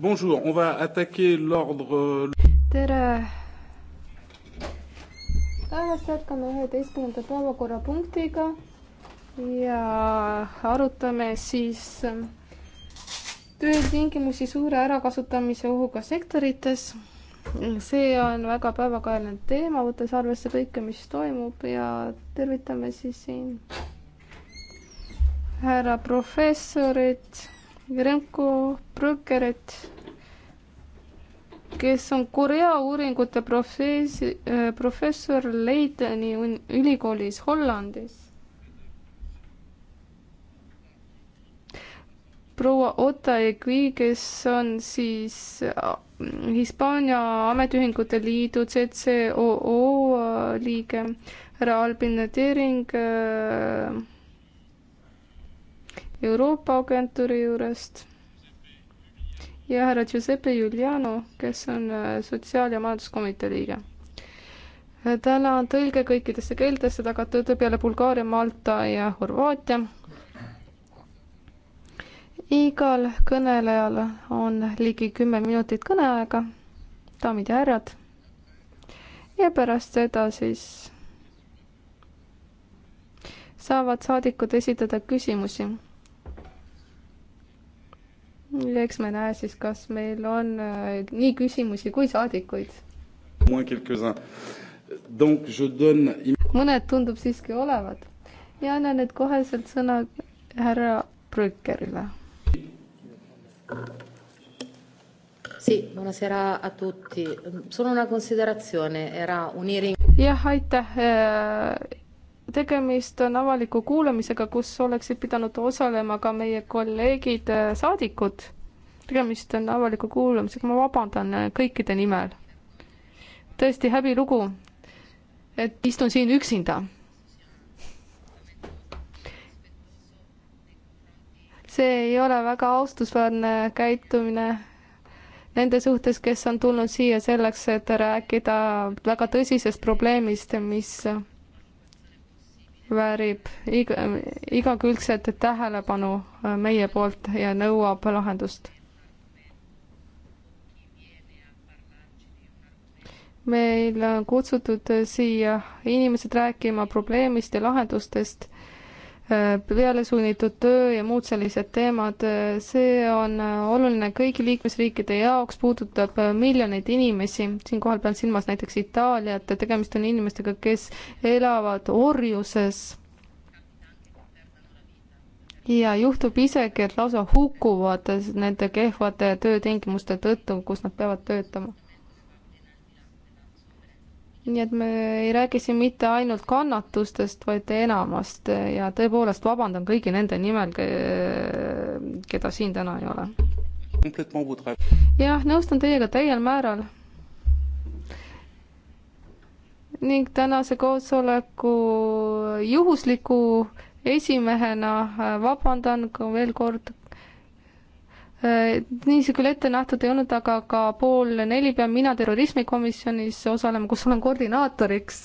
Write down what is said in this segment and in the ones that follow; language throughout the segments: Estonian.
Bonjour, on va attaquer l'ordre. Euh, tere. päevast jätkame üheteistkümnenda päevakorrapunktiga ja arutame siis ähm, töötingimusi suure ärakasutamise ohuga sektorites. see on väga päevakajaline teema, võttes arvesse kõike, mis toimub ja tervitame siis siin härra professorit Remko Brõkkerit, kes on Korea uuringute profees-, äh, professor Leideni ülikoolis Hollandis. proua Otaegui, kes on siis äh, Hispaania Ametiühingute Liidu CCOO äh, liige, härra Albin Tering äh,, Euroopa agentuuri juurest ja härra Giuseppe Giuliano, kes on äh, sotsiaal- ja majanduskomitee liige. Äh, täna on tõlge kõikidesse keeltesse tagatud peale Bulgaaria, Malta ja Horvaatia. igal kõnelejal on ligi kümme minutit kõneaega, daamid ja härrad. ja pärast seda siis saavad saadikud esitada küsimusi ja eks me näe siis, kas meil on äh, nii küsimusi kui saadikuid. mõned tundub siiski olevat ja annan nüüd koheselt sõna härra Brückerile. Sì, buonasera a tutti. Solo una considerazione, era unire... jah, aitäh äh, tegemist on avaliku kuulamisega, kus oleksid pidanud osalema ka meie kolleegid äh, saadikud. tegemist on avaliku kuulamisega, ma vabandan äh, kõikide nimel. tõesti häbilugu, et istun siin üksinda. see ei ole väga austusväärne käitumine nende suhtes, kes on tulnud siia selleks, et rääkida väga tõsisest probleemist, mis väärib iga, igakülgset tähelepanu äh, meie poolt ja nõuab lahendust. meil on kutsutud siia inimesed rääkima probleemist ja lahendustest Äh, pealesunnitud töö ja muud sellised teemad, äh, see on äh, oluline kõigi liikmesriikide jaoks, puudutab miljoneid inimesi, siinkohal pean silmas näiteks Itaaliat, tegemist on inimestega, kes elavad orjuses ja juhtub isegi, et lausa hukkuvad nende kehvade töötingimuste tõttu, kus nad peavad töötama nii et me ei räägi siin mitte ainult kannatustest, vaid enamast ja tõepoolest vabandan kõigi nende nimel, keda siin täna ei ole. jah, nõustun teiega täiel määral. ning tänase koosoleku juhusliku esimehena vabandan ka veel kord Äh, nii see küll ette nähtud ei olnud, aga ka pool neli pean mina terrorismikomisjonis osalema, kus olen koordinaatoriks.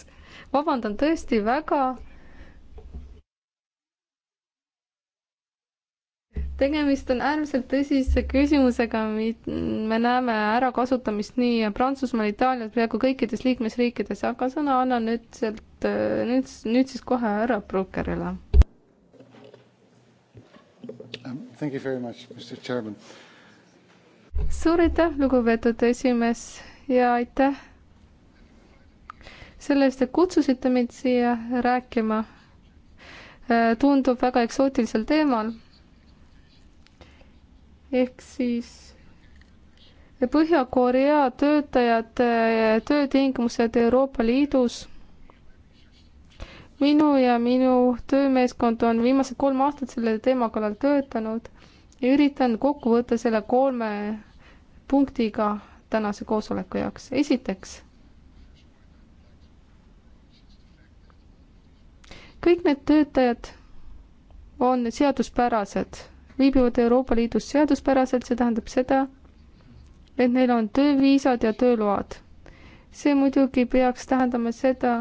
vabandan tõesti väga tegemist on äärmiselt tõsise küsimusega, me näeme ärakasutamist nii Prantsusmaal, Itaalias, peaaegu kõikides liikmesriikides, aga sõna annan nüüd sealt, äh, nüüd, nüüd siis kohe härra Brokkerile Um, thank you very much, Mr Chairman. suur aitäh, lugupeetud esimees ja aitäh selle eest, et kutsusite mind siia rääkima. Äh, tundub väga eksootilisel teemal. ehk siis Põhja-Korea töötajate äh, töötingimused Euroopa Liidus minu ja minu töömeeskond on viimased kolm aastat selle teema kallal töötanud ja üritan kokku võtta selle kolme punktiga tänase koosoleku jaoks. esiteks, kõik need töötajad on seaduspärased, viibivad Euroopa Liidus seaduspäraselt, see tähendab seda, et neil on tööviisad ja tööload see muidugi peaks tähendama seda,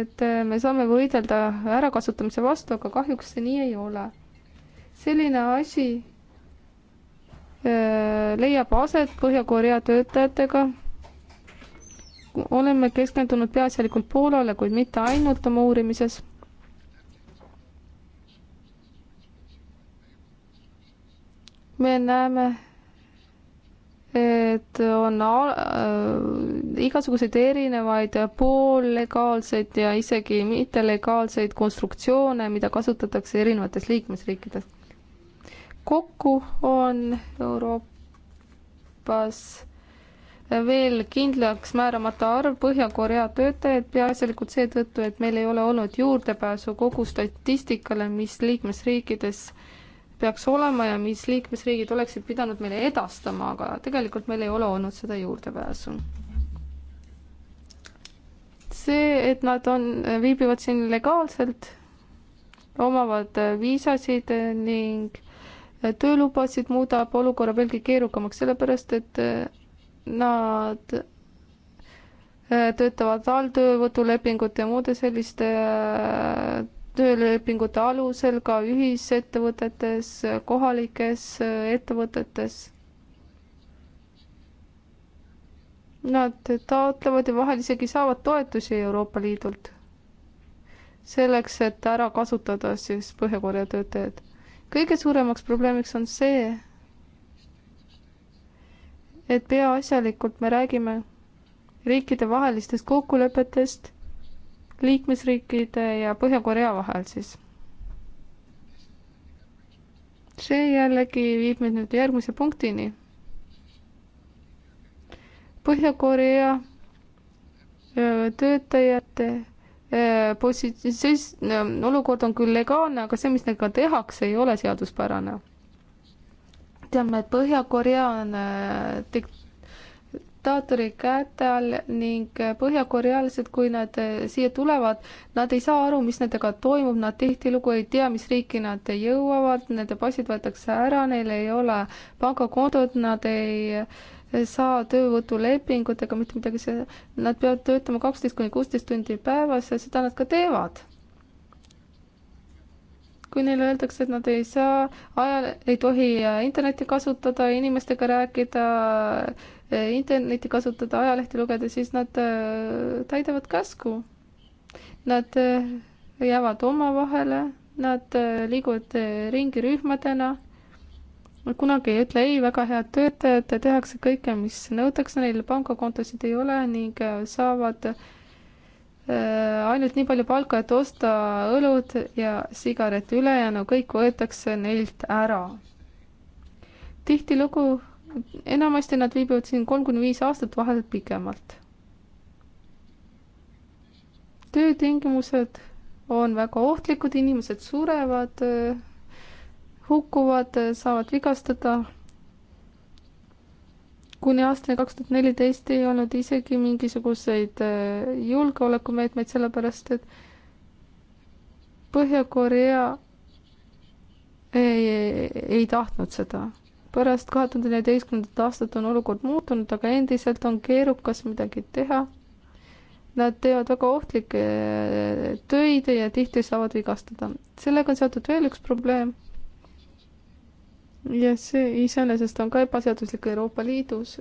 et me saame võidelda ärakasutamise vastu, aga kahjuks see nii ei ole. selline asi äh, leiab aset Põhja-Korea töötajatega. oleme keskendunud peaasjalikult Poolale, kuid mitte ainult oma uurimises me näeme et on äh, igasuguseid erinevaid poollegaalseid ja isegi mittelegaalseid konstruktsioone, mida kasutatakse erinevates liikmesriikides. kokku on Euroopas veel kindlaks määramata arv Põhja-Korea töötajaid, peaasjalikult seetõttu, et meil ei ole olnud juurdepääsu kogu statistikale, mis liikmesriikides äh, peaks olema ja mis liikmesriigid oleksid pidanud meile edastama, aga tegelikult meil ei ole olnud seda juurdepääsu. see, et nad on, viibivad siin legaalselt, omavad viisasid ning töölubasid, muudab olukorra veelgi keerukamaks, sellepärast et nad töötavad alltöövõtulepingute ja muude selliste töölepingute alusel ka ühisettevõtetes, kohalikes ettevõtetes. Nad taotlevad ja vahel isegi saavad toetusi Euroopa Liidult. selleks, et ära kasutada siis Põhja-Korea töötajad. kõige suuremaks probleemiks on see, et peaasjalikult me räägime riikidevahelistest kokkulepetest liikmesriikide ja Põhja-Korea vahel siis. see jällegi viib meid nüüd järgmise punktini. Põhja-Korea töötajate posi-, siis olukord on küll legaalne, aga see, mis nendega tehakse, ei ole seaduspärane. teame, et Põhja-Korea on dikt-, diktaatori käte all ning põhjakorealised, kui nad eh, siia tulevad, nad ei saa aru, mis nendega toimub, nad tihtilugu ei tea, mis riiki nad jõuavad, nende passid võetakse ära, neil ei ole pangakontot, nad ei eh, saa töövõtulepingut ega mitte midagi, nad peavad töötama kaksteist kuni kuusteist tundi päevas ja seda nad ka teevad kui neile öeldakse, et nad ei saa, ajal ei tohi äh, internetti kasutada, inimestega rääkida, äh, internetti kasutada, ajalehti lugeda, siis nad äh, täidavad käsku. Nad jäävad omavahele, nad liiguvad ringi rühmadena. kunagi ei ütle ei, väga head töötajad, tehakse kõike, mis nõutakse neil, pangakontosid ei ole ning saavad äh, Äh, ainult nii palju palka, et osta õlut ja sigaret, ülejäänu kõik võetakse neilt ära. tihtilugu, enamasti nad viibivad siin kolm kuni viis aastat, vahel pikemalt. töötingimused on väga ohtlikud, inimesed surevad, äh, hukkuvad, saavad vigastada kuni aastani kaks tuhat neliteist ei olnud isegi mingisuguseid äh, julgeolekumeetmeid, sellepärast et Põhja-Korea ei, ei, ei tahtnud seda. pärast kahe tuhande neljateistkümnendat aastat on olukord muutunud, aga endiselt on keerukas midagi teha. Nad teevad väga ohtlikke äh, töid ja tihti saavad vigastada. sellega on seotud veel üks probleem ja see iseenesest on ka ebaseaduslik Euroopa Liidus.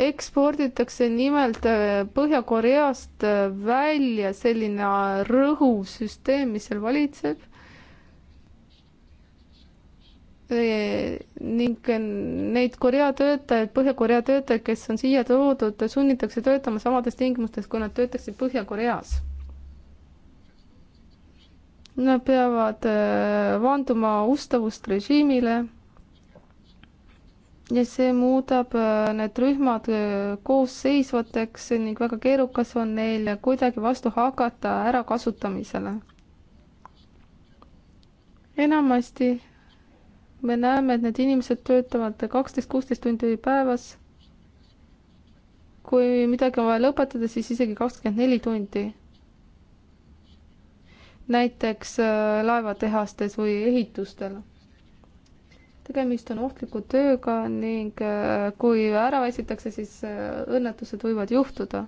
eksporditakse nimelt äh, Põhja-Koreast äh, välja selline rõhusüsteem, mis seal valitseb äh, ning neid Korea töötajaid, Põhja-Korea töötajaid, kes on siia toodud, sunnitakse töötama samades tingimustes, kui nad töötaksid Põhja-Koreas. Nad peavad äh, vanduma ustavust režiimile ja see muudab äh, need rühmad äh, koosseisvateks ning väga keerukas on neil kuidagi vastu hakata ärakasutamisele. enamasti me näeme, et need inimesed töötavad kaksteist, kuusteist tundi päevas. kui midagi on vaja lõpetada, siis isegi kakskümmend neli tundi näiteks äh, laevatehastes või ehitustel. tegemist on ohtliku tööga ning äh, kui ära väsitakse, siis äh, õnnetused võivad juhtuda.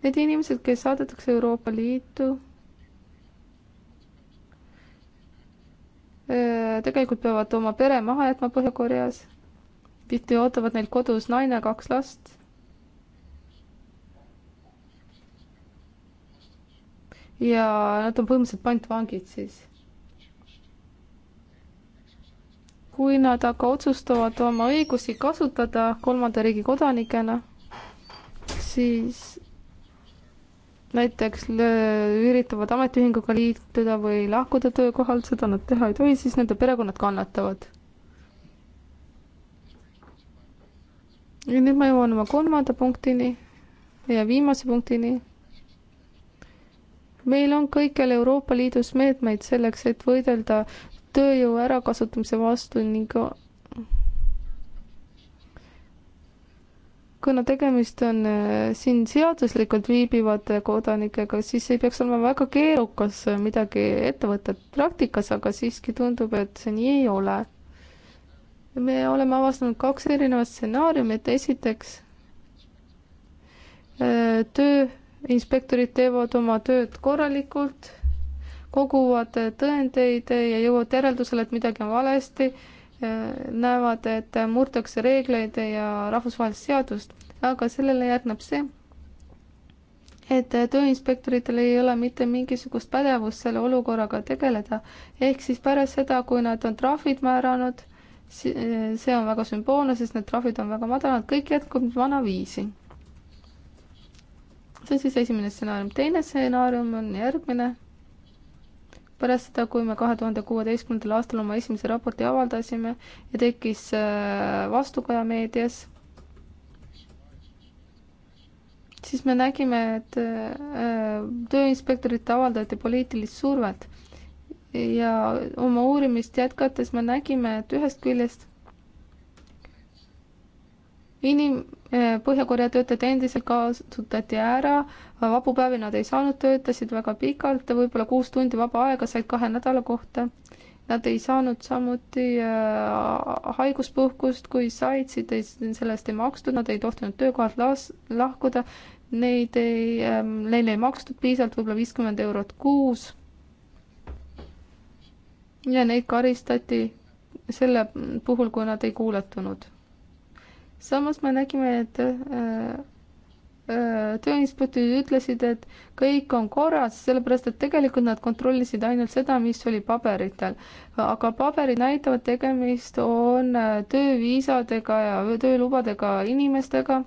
Need inimesed, kes saadetakse Euroopa Liitu, tegelikult peavad oma pere maha jätma Põhja-Koreas. tihti ootavad neil kodus naine, kaks last ja nad on põhimõtteliselt pantvangid siis. kui nad aga otsustavad oma õigusi kasutada kolmanda riigi kodanikena, siis näiteks üritavad ametiühinguga liituda või lahkuda töökohalt, seda nad teha ei tohi, siis nende perekonnad kannatavad. ja nüüd ma jõuan oma kolmanda punktini ja viimase punktini meil on kõikjal Euroopa Liidus meetmeid selleks, et võidelda tööjõu ärakasutamise vastu ning kuna tegemist on äh, siin seaduslikult viibivate kodanikega, siis ei peaks olema väga keerukas äh, midagi ette võtta praktikas, aga siiski tundub, et see nii ei ole. me oleme avastanud kaks erinevat stsenaariumit, esiteks äh, töö inspektorid teevad oma tööd korralikult, koguvad tõendeid ja jõuavad järeldusele, et midagi on valesti, näevad, et murtakse reegleid ja rahvusvahelist seadust, aga sellele järgneb see, et tööinspektoritel ei ole mitte mingisugust pädevust selle olukorraga tegeleda, ehk siis pärast seda, kui nad on trahvid määranud, see on väga sümboolne, sest need trahvid on väga madalad, kõik jätkub vanaviisi see on siis esimene stsenaarium. teine stsenaarium on järgmine. pärast seda, kui me kahe tuhande kuueteistkümnendal aastal oma esimese raporti avaldasime ja tekkis äh, vastukaja meedias, siis me nägime, et äh, tööinspektorite avaldati poliitilist survet ja oma uurimist jätkates me nägime, et ühest küljest inim-, Põhja-Korea töötajad endiselt kasutati ära, vabu päevi nad ei saanud, töötasid väga pikalt, võib-olla kuus tundi vaba aega said kahe nädala kohta. Nad ei saanud samuti äh, haiguspuhkust, kui said, siis sellest ei makstud, nad ei tohtinud töökohalt las-, lahkuda, neid ei, ähm, neile ei makstud piisavalt, võib-olla viiskümmend eurot kuus. ja neid karistati selle puhul, kui nad ei kuulatunud samas me nägime, et äh, äh, Tööinspektid ütlesid, et kõik on korras, sellepärast et tegelikult nad kontrollisid ainult seda, mis oli paberitel. aga paberid näitavad, tegemist on äh, tööviisadega ja töölubadega inimestega.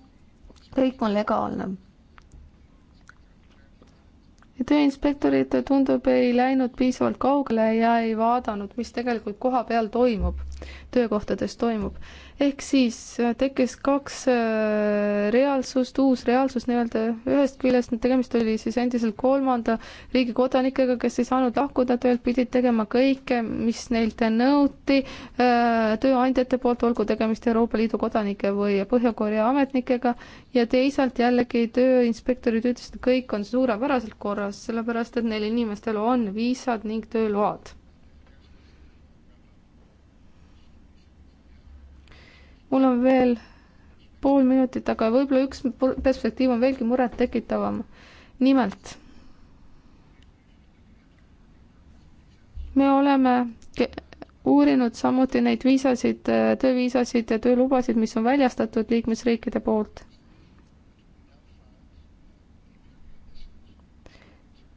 kõik on legaalne. tööinspektorid, tundub, ei läinud piisavalt kaugele ja ei vaadanud, mis tegelikult koha peal toimub töökohtades toimub. ehk siis äh, tekkis kaks äh, reaalsust, uus reaalsus nii-öelda, ühest küljest tegemist oli siis endiselt kolmanda riigi kodanikega, kes ei saanud lahkuda töölt, pidid tegema kõike, mis neilt nõuti äh, tööandjate poolt, olgu tegemist Euroopa Liidu kodanike või Põhja-Korea ametnikega, ja teisalt jällegi tööinspektorid ütlesid, et kõik on suurepäraselt korras, sellepärast et neil inimestel on viisad ning tööload mul on veel pool minutit, aga võib-olla üks perspektiiv on veelgi murettekitavam. nimelt, me oleme uurinud samuti neid viisasid, tööviisasid ja töölubasid, mis on väljastatud liikmesriikide poolt.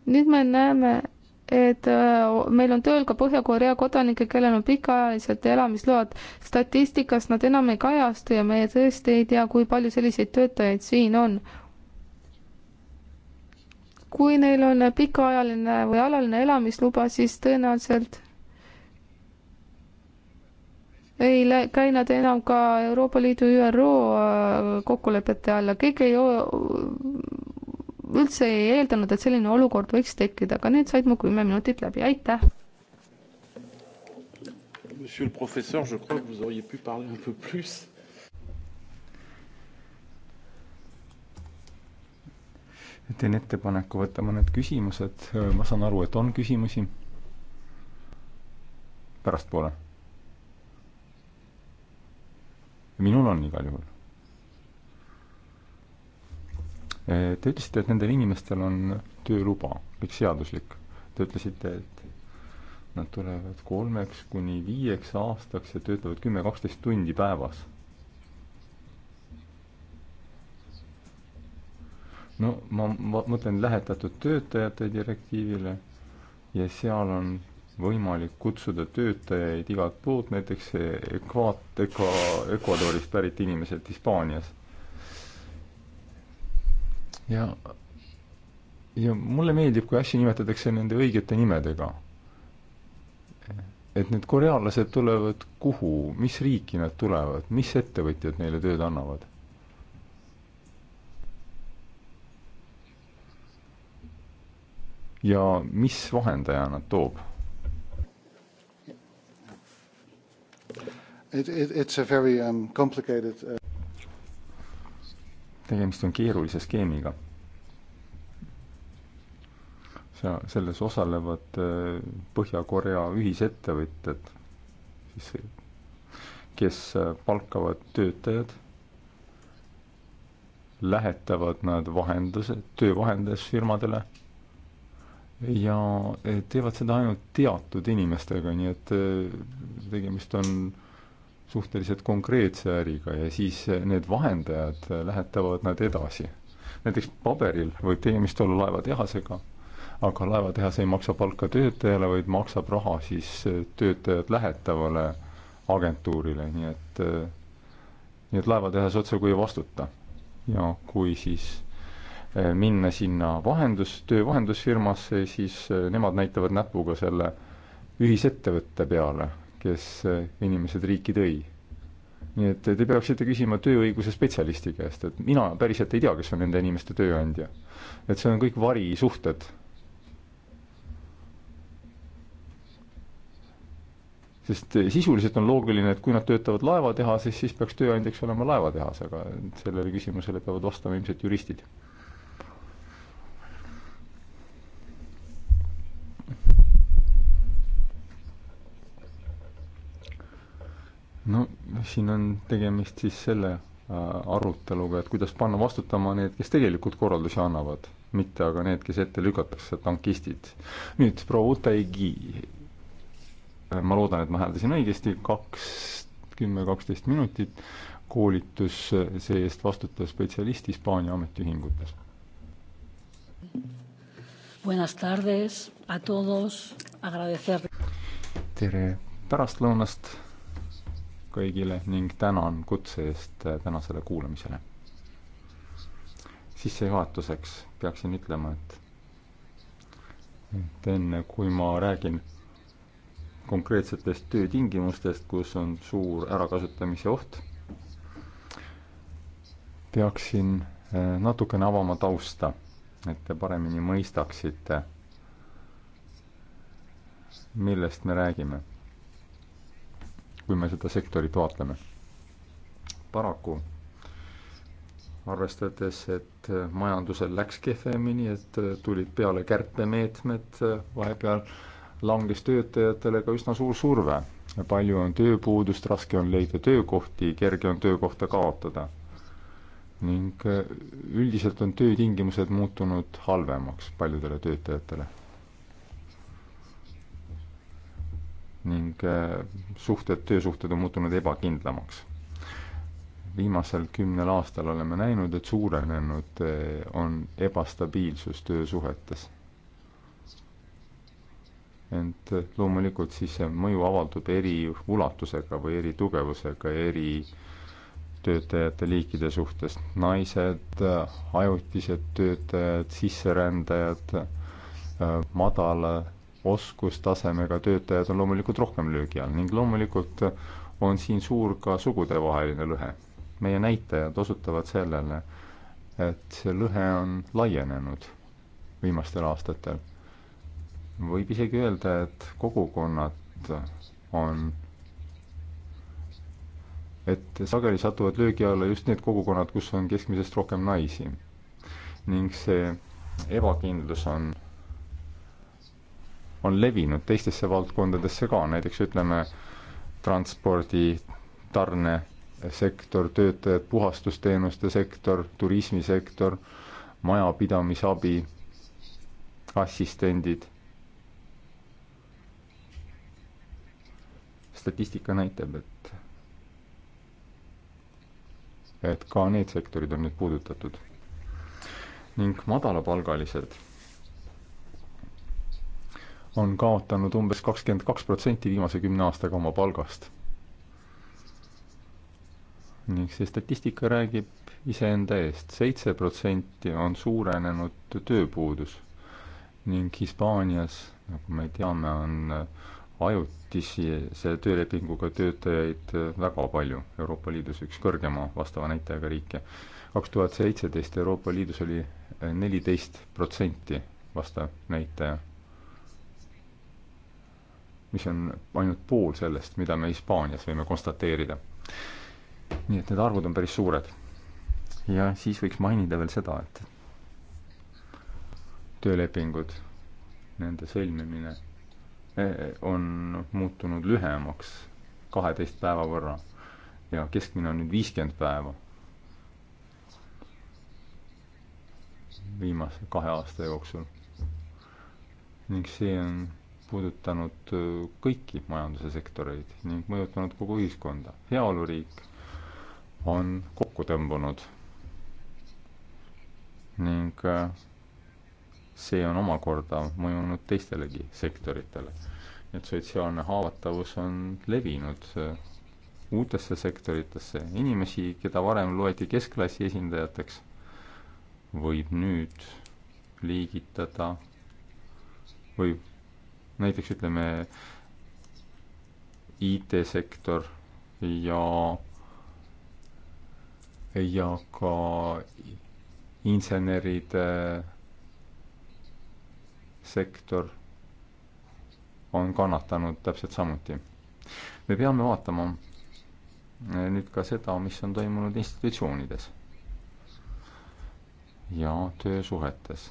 nüüd me näeme, et äh, meil on tööl ka Põhja-Korea kodanikke, kellel on pikaajalised elamisload. statistikas nad enam ei kajastu ja me tõesti ei tea, kui palju selliseid töötajaid siin on. kui neil on pikaajaline või alaline elamisluba, siis tõenäoliselt ei lä-, käi nad enam ka Euroopa Liidu ÜRO äh, kokkulepete alla, keegi ei üldse ei eeldanud, et selline olukord võiks tekkida, aga need said mu kümme minutit läbi, aitäh. Monsieur le professeur, je crois que vous auriez pu parler un peu plus. teen ettepaneku võtta mõned küsimused, ma saan aru, et on küsimusi. pärastpoole. minul on igal juhul Te ütlesite, et nendel inimestel on tööluba, kõik seaduslik. Te ütlesite, et nad tulevad kolmeks kuni viieks aastaks ja töötavad kümme, kaksteist tundi päevas. no ma, ma mõtlen lähetatud töötajate direktiivile ja seal on võimalik kutsuda töötajaid igalt poolt, näiteks ekvaat-, eka-, Ecuadorist pärit inimesed Hispaanias ja, ja mulle meeldib, kui asju nimetatakse nende õigete nimedega. et need korealased tulevad kuhu, mis riiki nad tulevad, mis ettevõtjad neile tööd annavad? ja mis vahendaja nad toob? It, it, it's a very um, complicated uh tegemist on keerulise skeemiga. seal, selles osalevad äh, Põhja-Korea ühisettevõtted, siis kes äh, palkavad töötajad, lähetavad nad vahenduse, töövahendusfirmadele ja äh, teevad seda ainult teatud inimestega, nii et tegemist on suhteliselt konkreetse äriga ja siis need vahendajad lähetavad nad edasi. näiteks paberil võib tegemist olla laevatehasega, aga laevatehas ei maksa palka töötajale, vaid maksab raha siis töötajad lähetavale agentuurile, nii et, nii et laevatehas otsekui ei vastuta. ja kui siis eh, minna sinna vahendus, töövahendusfirmasse, siis eh, nemad näitavad näpuga selle ühisettevõtte peale kes äh, inimesed riiki tõi. nii et te peaksite küsima tööõiguse spetsialisti käest, et mina päriselt ei tea, kes on nende inimeste tööandja. et see on kõik varisuhted. sest äh, sisuliselt on loogiline, et kui nad töötavad laevatehases, siis peaks tööandjaks olema laevatehas, aga sellele küsimusele peavad vastama ilmselt juristid no siin on tegemist siis selle äh, aruteluga, et kuidas panna vastutama need, kes tegelikult korraldusi annavad, mitte aga need, kes ette lükatakse, tankistid. nüüd proua Utaigi, äh, ma loodan, et ma hääldasin õigesti, kaks, kümme, kaksteist minutit koolitus, äh, see eest vastutav spetsialist Hispaania ametiühingutes. tere pärastlõunast kõigile ning tänan kutse eest tänasele kuulamisele. sissejuhatuseks peaksin ütlema, et, et enne kui ma räägin konkreetsetest töötingimustest, kus on suur ärakasutamise oht, peaksin äh, natukene avama tausta, et te paremini mõistaksite, millest me räägime kui me seda sektorit vaatleme. paraku arvestades, et majandusel läks kehvemini, et tulid peale kärpemeetmed, vahepeal langes töötajatele ka üsna suur surve. palju on tööpuudust, raske on leida töökohti, kerge on töökohta kaotada. ning üldiselt on töötingimused muutunud halvemaks paljudele töötajatele ning äh, suhted, töösuhted on muutunud ebakindlamaks. viimasel kümnel aastal oleme näinud, et suurenenud äh, on ebastabiilsus töösuhetes. ent äh, loomulikult siis see mõju avaldub eri ulatusega või eri tugevusega ja eri töötajate liikide suhtes, naised, ajutised töötajad, sisserändajad, madala oskustasemega töötajad on loomulikult rohkem löögi all ning loomulikult on siin suur ka sugudevaheline lõhe. meie näitajad osutavad sellele, et see lõhe on laienenud viimastel aastatel. võib isegi öelda, et kogukonnad on, et sageli satuvad löögi alla just need kogukonnad, kus on keskmisest rohkem naisi. ning see ebakindlus on on levinud teistesse valdkondadesse ka, näiteks ütleme, transpordi, tarnesektor, töötajad, puhastusteenuste sektor, turismisektor, majapidamisabi, assistendid. statistika näitab, et et ka need sektorid on nüüd puudutatud. ning madalapalgalised on kaotanud umbes kakskümmend kaks protsenti viimase kümne aastaga oma palgast. ning see statistika räägib iseenda eest, seitse protsenti on suurenenud tööpuudus ning Hispaanias, nagu me teame, on ajutise töölepinguga töötajaid väga palju, Euroopa Liidus üks kõrgema vastava näitajaga riike. kaks tuhat seitseteist Euroopa Liidus oli neliteist protsenti vastav näitaja mis on ainult pool sellest, mida me Hispaanias võime konstateerida. nii et need arvud on päris suured. ja siis võiks mainida veel seda, et töölepingud, nende sõlmimine e, e, on muutunud lühemaks kaheteist päeva võrra ja keskmine on nüüd viiskümmend päeva. viimase kahe aasta jooksul. ning see on puudutanud äh, kõiki majanduse sektoreid ning mõjutanud kogu ühiskonda. heaoluriik on kokku tõmbunud ning äh, see on omakorda mõjunud teistelegi sektoritele. et sotsiaalne haavatavus on levinud äh, uutesse sektoritesse, inimesi, keda varem loeti keskklassi esindajateks, võib nüüd liigitada, võib näiteks ütleme, IT-sektor ja, ja ka inseneride sektor on kannatanud täpselt samuti. me peame vaatama nüüd ka seda, mis on toimunud institutsioonides ja töösuhetes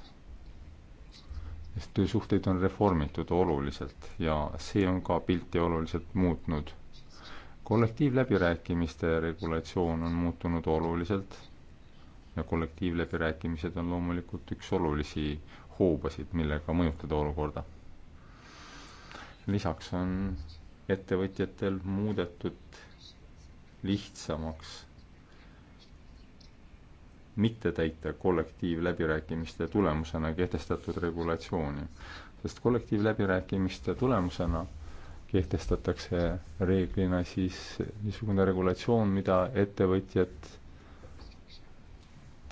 sest töösuhteid on reformitud oluliselt ja see on ka pilti oluliselt muutnud. kollektiivläbirääkimiste regulatsioon on muutunud oluliselt ja kollektiivläbirääkimised on loomulikult üks olulisi hoobasid, millega mõjutada olukorda. lisaks on ettevõtjatel muudetud lihtsamaks mitte täita kollektiivläbirääkimiste tulemusena kehtestatud regulatsiooni. sest kollektiivläbirääkimiste tulemusena kehtestatakse reeglina siis niisugune regulatsioon, mida ettevõtjad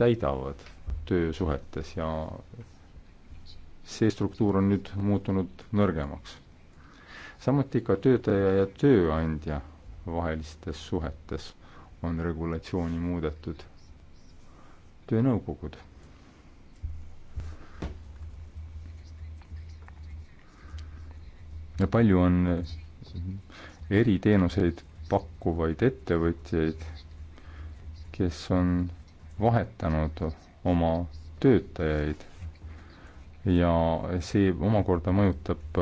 täidavad töösuhetes ja see struktuur on nüüd muutunud nõrgemaks. samuti ka töötaja ja tööandja vahelistes suhetes on regulatsiooni muudetud töönõukogud. ja palju on eriteenuseid pakkuvaid ettevõtjaid, kes on vahetanud oma töötajaid ja see omakorda mõjutab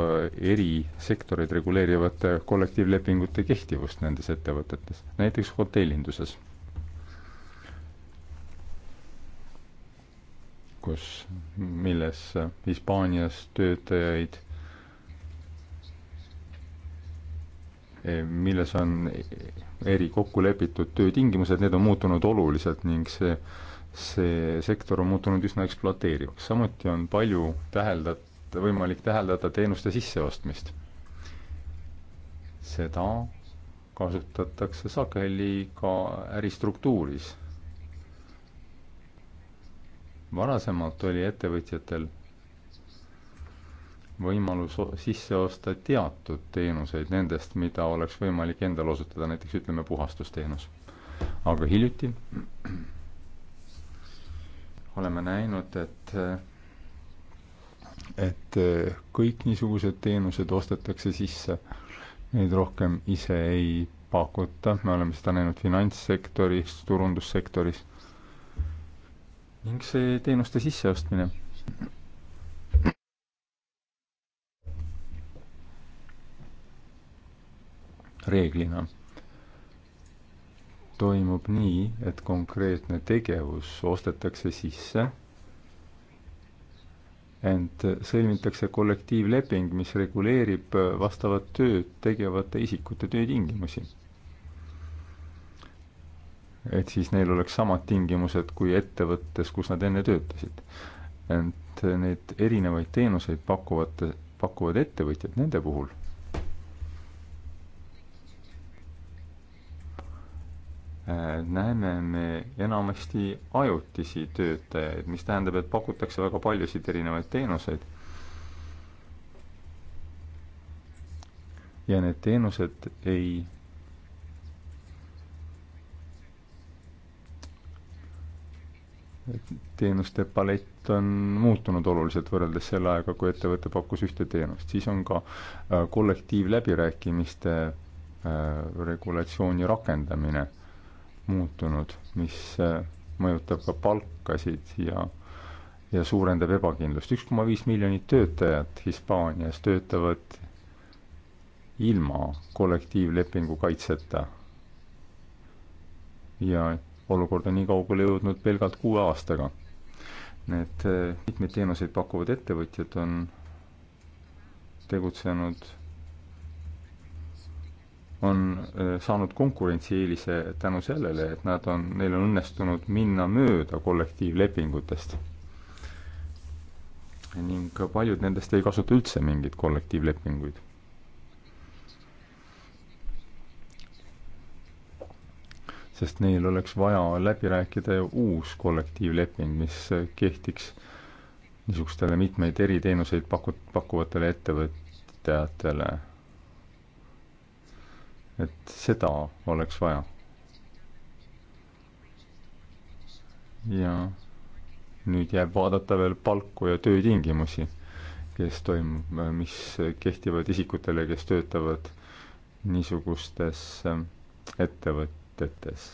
eri sektoreid reguleerivate kollektiivlepingute kehtivust nendes ettevõtetes, näiteks hotellinduses kus, milles Hispaanias töötajaid, eh, milles on eri kokku lepitud töötingimused, need on muutunud oluliselt ning see, see sektor on muutunud üsna ekspluateerivaks. samuti on palju täheldat-, võimalik täheldada teenuste sisseostmist. seda kasutatakse sageli ka äristruktuuris varasemalt oli ettevõtjatel võimalus sisse osta teatud teenuseid nendest, mida oleks võimalik endal osutada, näiteks ütleme, puhastusteenus. aga hiljuti oleme näinud, et et kõik niisugused teenused ostetakse sisse, neid rohkem ise ei pakuta, me oleme seda näinud finantssektoris, turundussektoris ning see teenuste sisseostmine. reeglina toimub nii, et konkreetne tegevus ostetakse sisse, ent sõlmitakse kollektiivleping, mis reguleerib vastavat tööd tegevate isikute töötingimusi et siis neil oleks samad tingimused kui ettevõttes, kus nad enne töötasid. ent neid erinevaid teenuseid pakuvad, pakuvad ettevõtjad nende puhul näeme me enamasti ajutisi töötajaid, mis tähendab, et pakutakse väga paljusid erinevaid teenuseid. ja need teenused ei et teenuste palett on muutunud oluliselt võrreldes selle ajaga, kui ettevõte pakkus ühte teenust, siis on ka äh, kollektiivläbirääkimiste äh, regulatsiooni rakendamine muutunud, mis äh, mõjutab ka palkasid ja, ja suurendab ebakindlust. üks koma viis miljonit töötajat Hispaanias töötavad ilma kollektiivlepingu kaitseta. ja olukord on nii kaugele jõudnud pelgalt kuue aastaga. Need äh, mitmeid teenuseid pakkuvad ettevõtjad on tegutsenud, on äh, saanud konkurentsieelise tänu sellele, et nad on, neil on õnnestunud minna mööda kollektiivlepingutest. ning paljud nendest ei kasuta üldse mingeid kollektiivlepinguid sest neil oleks vaja läbi rääkida uus kollektiivleping, mis kehtiks niisugustele mitmeid eriteenuseid paku-, pakkuvatele ettevõtjatele. et seda oleks vaja. ja nüüd jääb vaadata veel palku ja töötingimusi, kes toimub, mis kehtivad isikutele, kes töötavad niisugustes ettevõt-, mõtetes.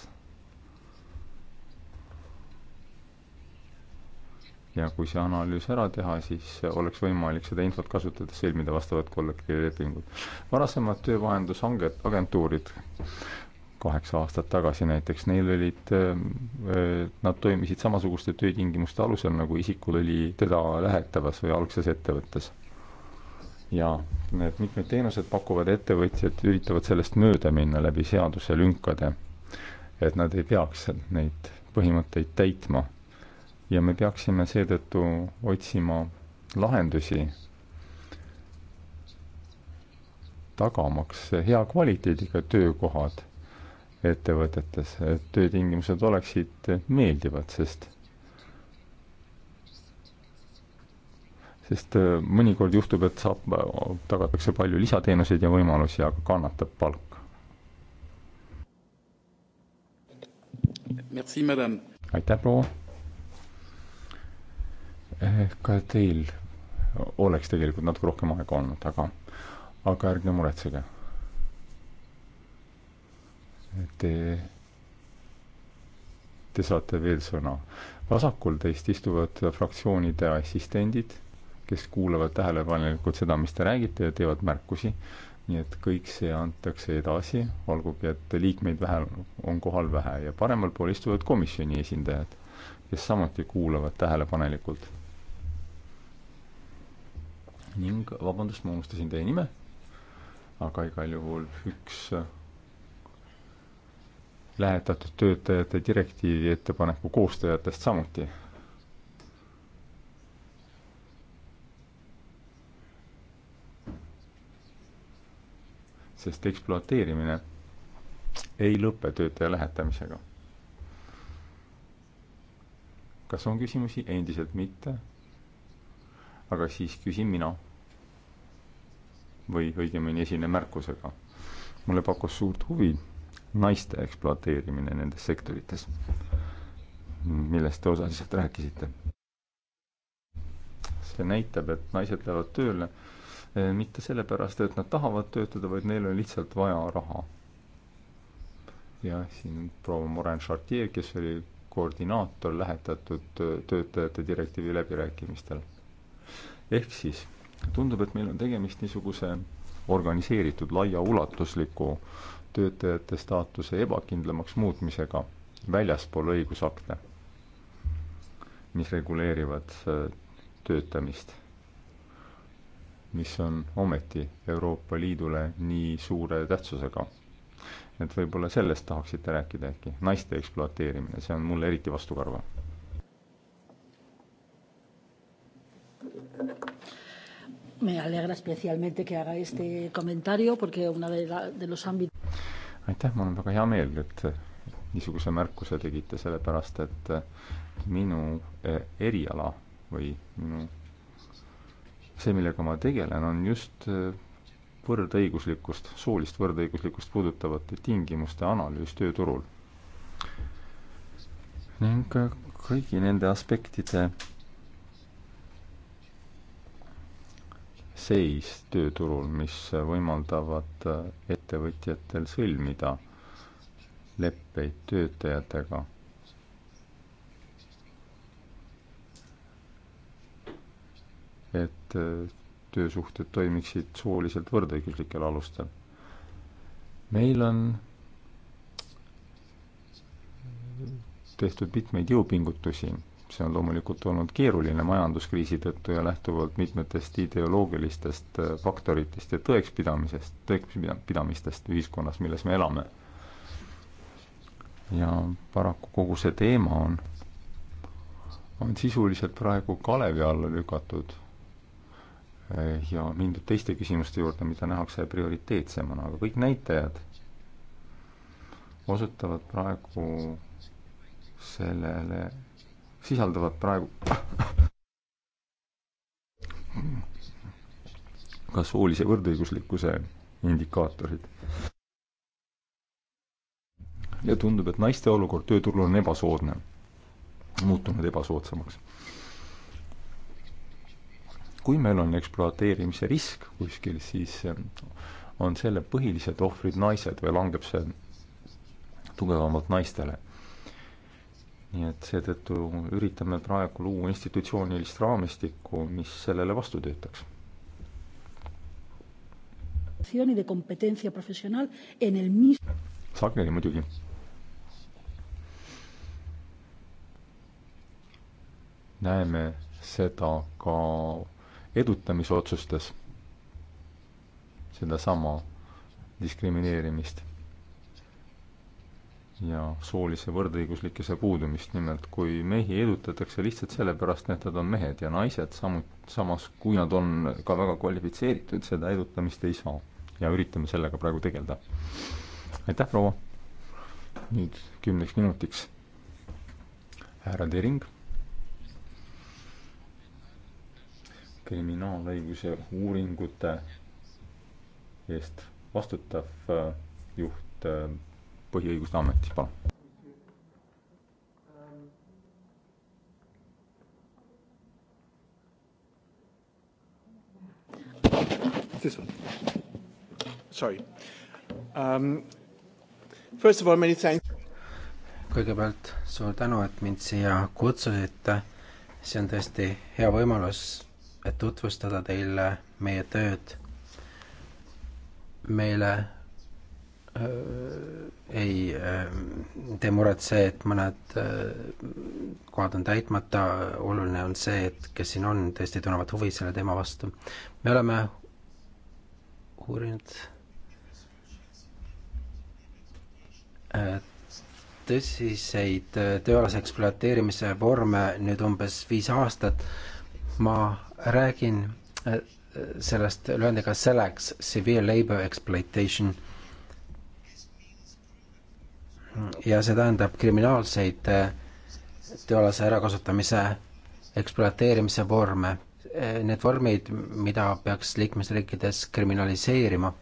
ja kui see analüüs ära teha, siis oleks võimalik seda infot kasutades sõlmida vastavad kollektiivlepingud. varasemad töövahendushanget, agentuurid kaheksa aastat tagasi näiteks, neil olid, eh, nad toimisid samasuguste töötingimuste alusel, nagu isikul oli teda lähetavas või algses ettevõttes. ja need mitmed teenused pakuvad ettevõtjad, üritavad sellest mööda minna läbi seaduselünkade et nad ei peaks neid põhimõtteid täitma. ja me peaksime seetõttu otsima lahendusi, tagamaks hea kvaliteediga töökohad ettevõtetes, et töötingimused oleksid meeldivad, sest sest äh, mõnikord juhtub, et saab, tagatakse palju lisateenuseid ja võimalusi, aga kannatab palk. aitäh, proua. Eh, ka teil oleks tegelikult natuke rohkem aega olnud, aga, aga ärge muretsege. Te, te saate veel sõna. vasakul teist istuvad fraktsioonide assistendid, kes kuulavad tähelepanelikult seda, mis te räägite ja teevad märkusi nii et kõik see antakse edasi, olgugi et liikmeid vähe, on kohal vähe ja paremal pool istuvad komisjoni esindajad, kes samuti kuulavad tähelepanelikult. ning vabandust, ma unustasin teie nime, aga igal juhul üks äh, lähetatud töötajate direktiivi ettepaneku koostajatest samuti sest ekspluateerimine ei lõpe töötaja lähetamisega. kas on küsimusi? endiselt mitte. aga siis küsin mina. või õigemini esinen märkusega. mulle pakkus suurt huvi naiste ekspluateerimine nendes sektorites, millest te osaliselt rääkisite. see näitab, et naised lähevad tööle Äh, mitte sellepärast, et nad tahavad töötada, vaid neil on lihtsalt vaja raha. ja siin proua Morin Chartier, kes oli koordinaator lähetatud äh, töötajate direktiivi läbirääkimistel. ehk siis tundub, et meil on tegemist niisuguse organiseeritud laiaulatusliku töötajate staatuse ebakindlamaks muutmisega väljaspool õigusakte, mis reguleerivad äh, töötamist mis on ometi Euroopa Liidule nii suure tähtsusega. et võib-olla sellest tahaksite rääkida äkki, naiste ekspluateerimine, see on mulle eriti vastukarva. Me alegra especialmente que haga este comentario porque una de la, de los ámbitos aitäh, mul on väga hea meel, et niisuguse märkuse tegite, sellepärast et minu eh, eriala või minu see, millega ma tegelen, on just äh, võrdõiguslikkust, soolist võrdõiguslikkust puudutavate tingimuste analüüs tööturul. ning äh, kõigi nende aspektide seis tööturul, mis võimaldavad äh, ettevõtjatel sõlmida leppeid töötajatega et äh, töösuhted toimiksid sooliselt võrdõiguslikel alustel. meil on tehtud mitmeid jõupingutusi, see on loomulikult olnud keeruline majanduskriisi tõttu ja lähtuvalt mitmetest ideoloogilistest äh, faktoritest ja tõekspidamisest, tõekspidamistest ühiskonnas, milles me elame. ja paraku kogu see teema on, on sisuliselt praegu kalevi alla lükatud Eh, ja mindud teiste küsimuste juurde, mida nähakse prioriteetsemana, aga kõik näitajad osutavad praegu sellele, sisaldavad praegu ka soolise võrdõiguslikkuse indikaatorid. ja tundub, et naiste olukord tööturul on ebasoodne, muutunud ebasoodsamaks kui meil on ekspluateerimise risk kuskil, siis eh, on selle põhilised ohvrid naised või langeb see tugevamalt naistele. nii et seetõttu üritame praegu luua institutsioonilist raamistikku, mis sellele vastu töötaks. sageli muidugi näeme seda ka edutamisotsustes sedasama diskrimineerimist ja soolise võrdõiguslikkuse puudumist. nimelt, kui mehi edutatakse lihtsalt sellepärast, et nad on mehed ja naised, samuti, samas kui nad on ka väga kvalifitseeritud, seda edutamist ei saa. ja üritame sellega praegu tegeleda. aitäh, proua! nüüd kümneks minutiks härra Tering kriminaalõiguse uuringute eest vastutav äh, juht äh, Põhiõiguste Ametis, palun. This one. Sorry um,. First of all, many thanks. kõigepealt suur tänu, et mind siia kutsusite. see on tõesti hea võimalus et tutvustada teile meie tööd. meile äh, ei äh, tee muret see, et mõned äh, kohad on täitmata, oluline on see, et kes siin on, tõesti tunnevad huvi selle teema vastu. me oleme uurinud äh, tõsiseid äh, tööalase ekspluateerimise vorme nüüd umbes viis aastat. ma räägin äh, sellest lühendiga SELAX, Severe Labor Exploitation. ja see tähendab kriminaalseid äh, tööalase ärakasutamise ekspluateerimise vorme. Äh, need vormid, mida peaks liikmesriikides kriminaliseerima.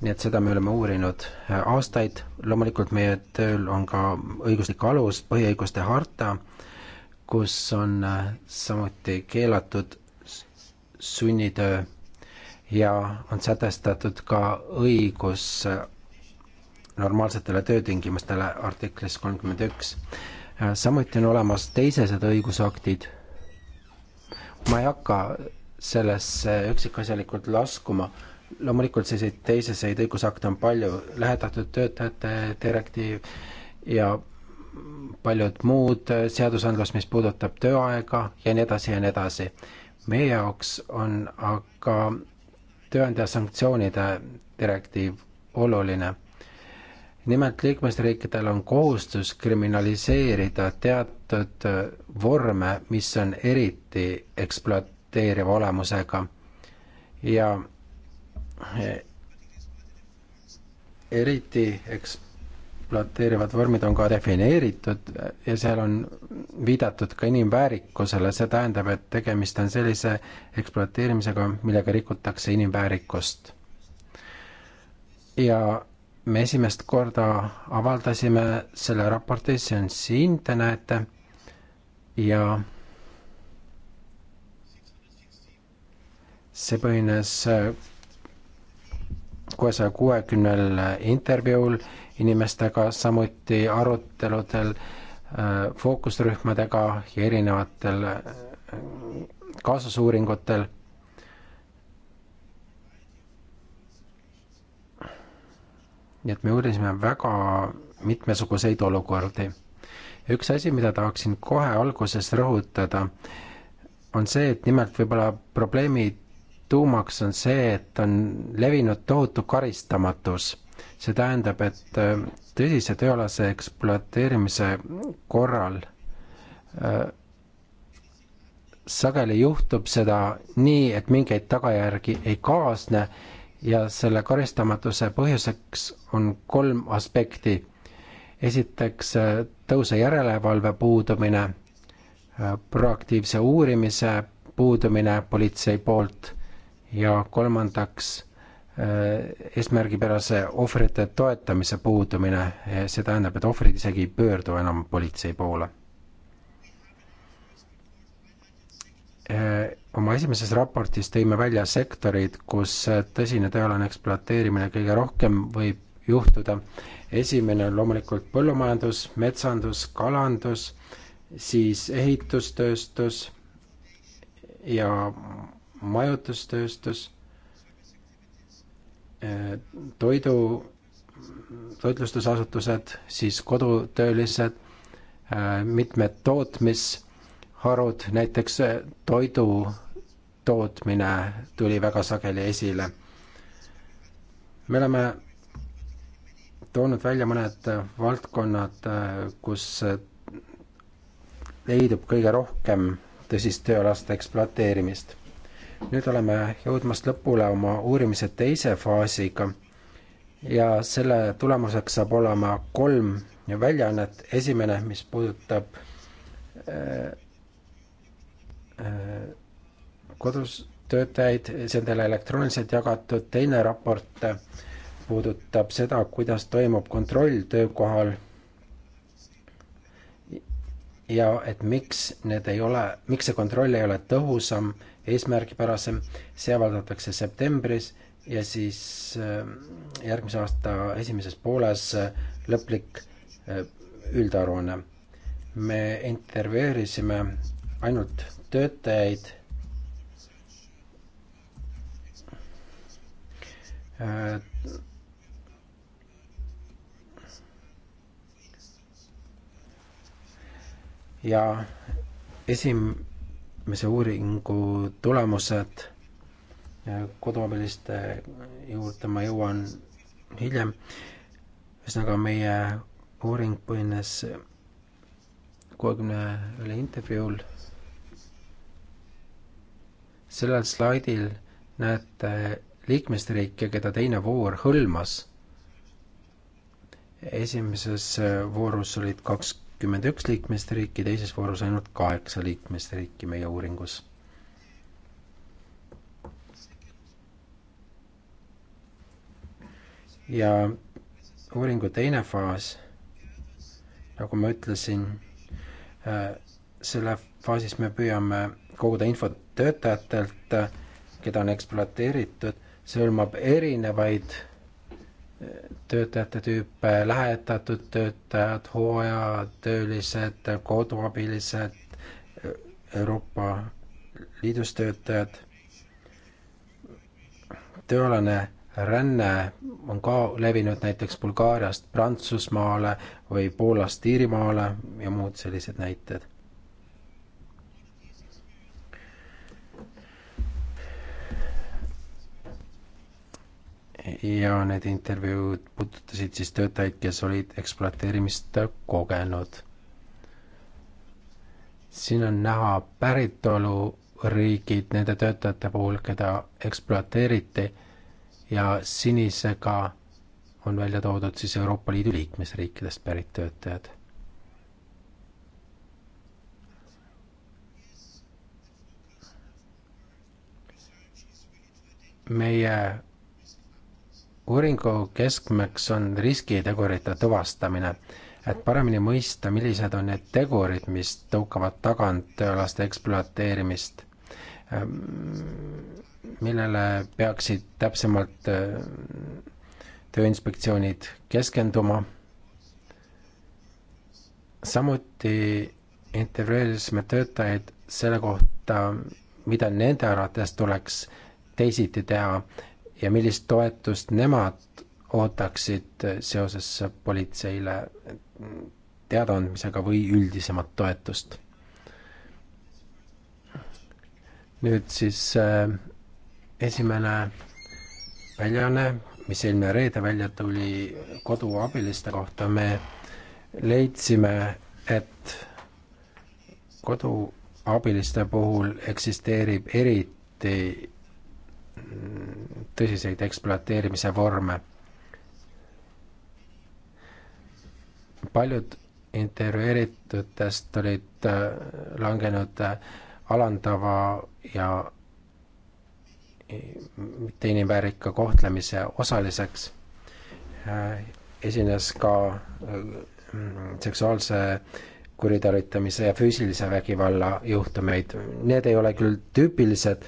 nii et seda me oleme uurinud aastaid, loomulikult meie tööl on ka õiguslik alus, põhiõiguste harta, kus on äh, samuti keelatud sunnitöö ja on sätestatud ka õigus äh, normaalsetele töötingimustele artiklis kolmkümmend üks. Äh, samuti on olemas teised õigusaktid. ma ei hakka sellesse üksikasjalikult laskuma, loomulikult selliseid teiseseid õigusakte on palju, lähetatud töötajate direktiiv ja paljud muud seadusandlus, mis puudutab tööaega ja nii edasi ja nii edasi. meie jaoks on aga tööandja sanktsioonide direktiiv oluline. nimelt liikmesriikidel on kohustus kriminaliseerida teatud vorme, mis on eriti ekspluateeriva olemusega ja eriti eks-, ekspluateerivad vormid on ka defineeritud ja seal on viidatud ka inimväärikusele, see tähendab, et tegemist on sellise ekspluateerimisega, millega rikutakse inimväärikust. ja me esimest korda avaldasime selle raporti, see on siin, te näete, ja see põhines kuuesaja kuuekümnel intervjuul inimestega, samuti aruteludel äh, fookusrühmadega ja erinevatel äh, kaasusuuringutel. nii et me uurisime väga mitmesuguseid olukordi. üks asi, mida tahaksin kohe alguses rõhutada, on see, et nimelt võib-olla probleemi tuumaks on see, et on levinud tohutu karistamatus see tähendab, et äh, tõsise tööalase ekspluateerimise korral äh, sageli juhtub seda nii, et mingeid tagajärgi ei kaasne ja selle karistamatuse põhjuseks on kolm aspekti. esiteks äh, tõuse järelevalve puudumine, proaktiivse uurimise puudumine politsei poolt ja kolmandaks Äh, eesmärgipärase ohvrite toetamise puudumine, eh, see tähendab, et ohvrid isegi ei pöördu enam politsei poole. Äh, oma esimeses raportis tõime välja sektorid, kus eh, tõsine tööalane ekspluateerimine kõige rohkem võib juhtuda. esimene on loomulikult põllumajandus, metsandus, kalandus, siis ehitustööstus ja majutustööstus toidu, toitlustusasutused, siis kodutöölised, mitmed tootmisharud, näiteks toidu tootmine tuli väga sageli esile. me oleme toonud välja mõned valdkonnad, kus leidub kõige rohkem tõsist tööalaste ekspluateerimist nüüd oleme jõudmas lõpule oma uurimise teise faasiga ja selle tulemuseks saab olema kolm väljaannet, esimene, mis puudutab äh, äh, kodus töötajaid, see on teile elektrooniliselt jagatud, teine raport puudutab seda, kuidas toimub kontroll töökohal ja et miks need ei ole, miks see kontroll ei ole tõhusam eesmärgipärasem, see avaldatakse septembris ja siis äh, järgmise aasta esimeses pooles äh, lõplik äh, üldaruanne. me intervjueerisime ainult töötajaid ja esim-, esimese uuringu tulemused koduabiliste juurde ma jõuan hiljem. ühesõnaga, meie uuring põhines kuuekümne üle intervjuul. sellel slaidil näete liikmesriike, keda teine voor hõlmas. esimeses voorus olid kaks kakskümmend üks liikmesriiki, teises voorus ainult kaheksa liikmesriiki meie uuringus. ja uuringu teine faas, nagu ma ütlesin, äh, selle faasis me püüame koguda infot töötajatelt, keda on ekspluateeritud, see hõlmab erinevaid töötajate tüüpe, lähetatud töötajad, hooajatöölised, koduabilised, Euroopa Liidus töötajad. tööalane ränne on ka levinud näiteks Bulgaariast Prantsusmaale või Poolast Iirimaale ja muud sellised näited ja need intervjuud puudutasid siis töötajaid, kes olid ekspluateerimist kogenud. siin on näha päritoluriigid nende töötajate puhul, keda ekspluateeriti ja sinisega on välja toodud siis Euroopa Liidu liikmesriikidest pärit töötajad. meie uuringu keskmeks on riskitegurite tuvastamine, et paremini mõista, millised on need tegurid, mis tõukavad tagant töölaste ekspluateerimist, ehm, millele peaksid täpsemalt ehm, tööinspektsioonid keskenduma. samuti intervjueerisime töötajaid selle kohta, mida nende arvates tuleks teisiti teha, ja millist toetust nemad ootaksid seoses politseile teadaandmisega või üldisemat toetust. nüüd siis äh, esimene väljaanne, mis eelmine reede välja tuli koduabiliste kohta, me leidsime, et koduabiliste puhul eksisteerib eriti tõsiseid ekspluateerimise vorme. paljud intervjueeritutest olid äh, langenud äh, alandava ja mitte inimväärika kohtlemise osaliseks. Äh, esines ka seksuaalse kuritarvitamise ja füüsilise vägivalla juhtumeid, need ei ole küll tüüpilised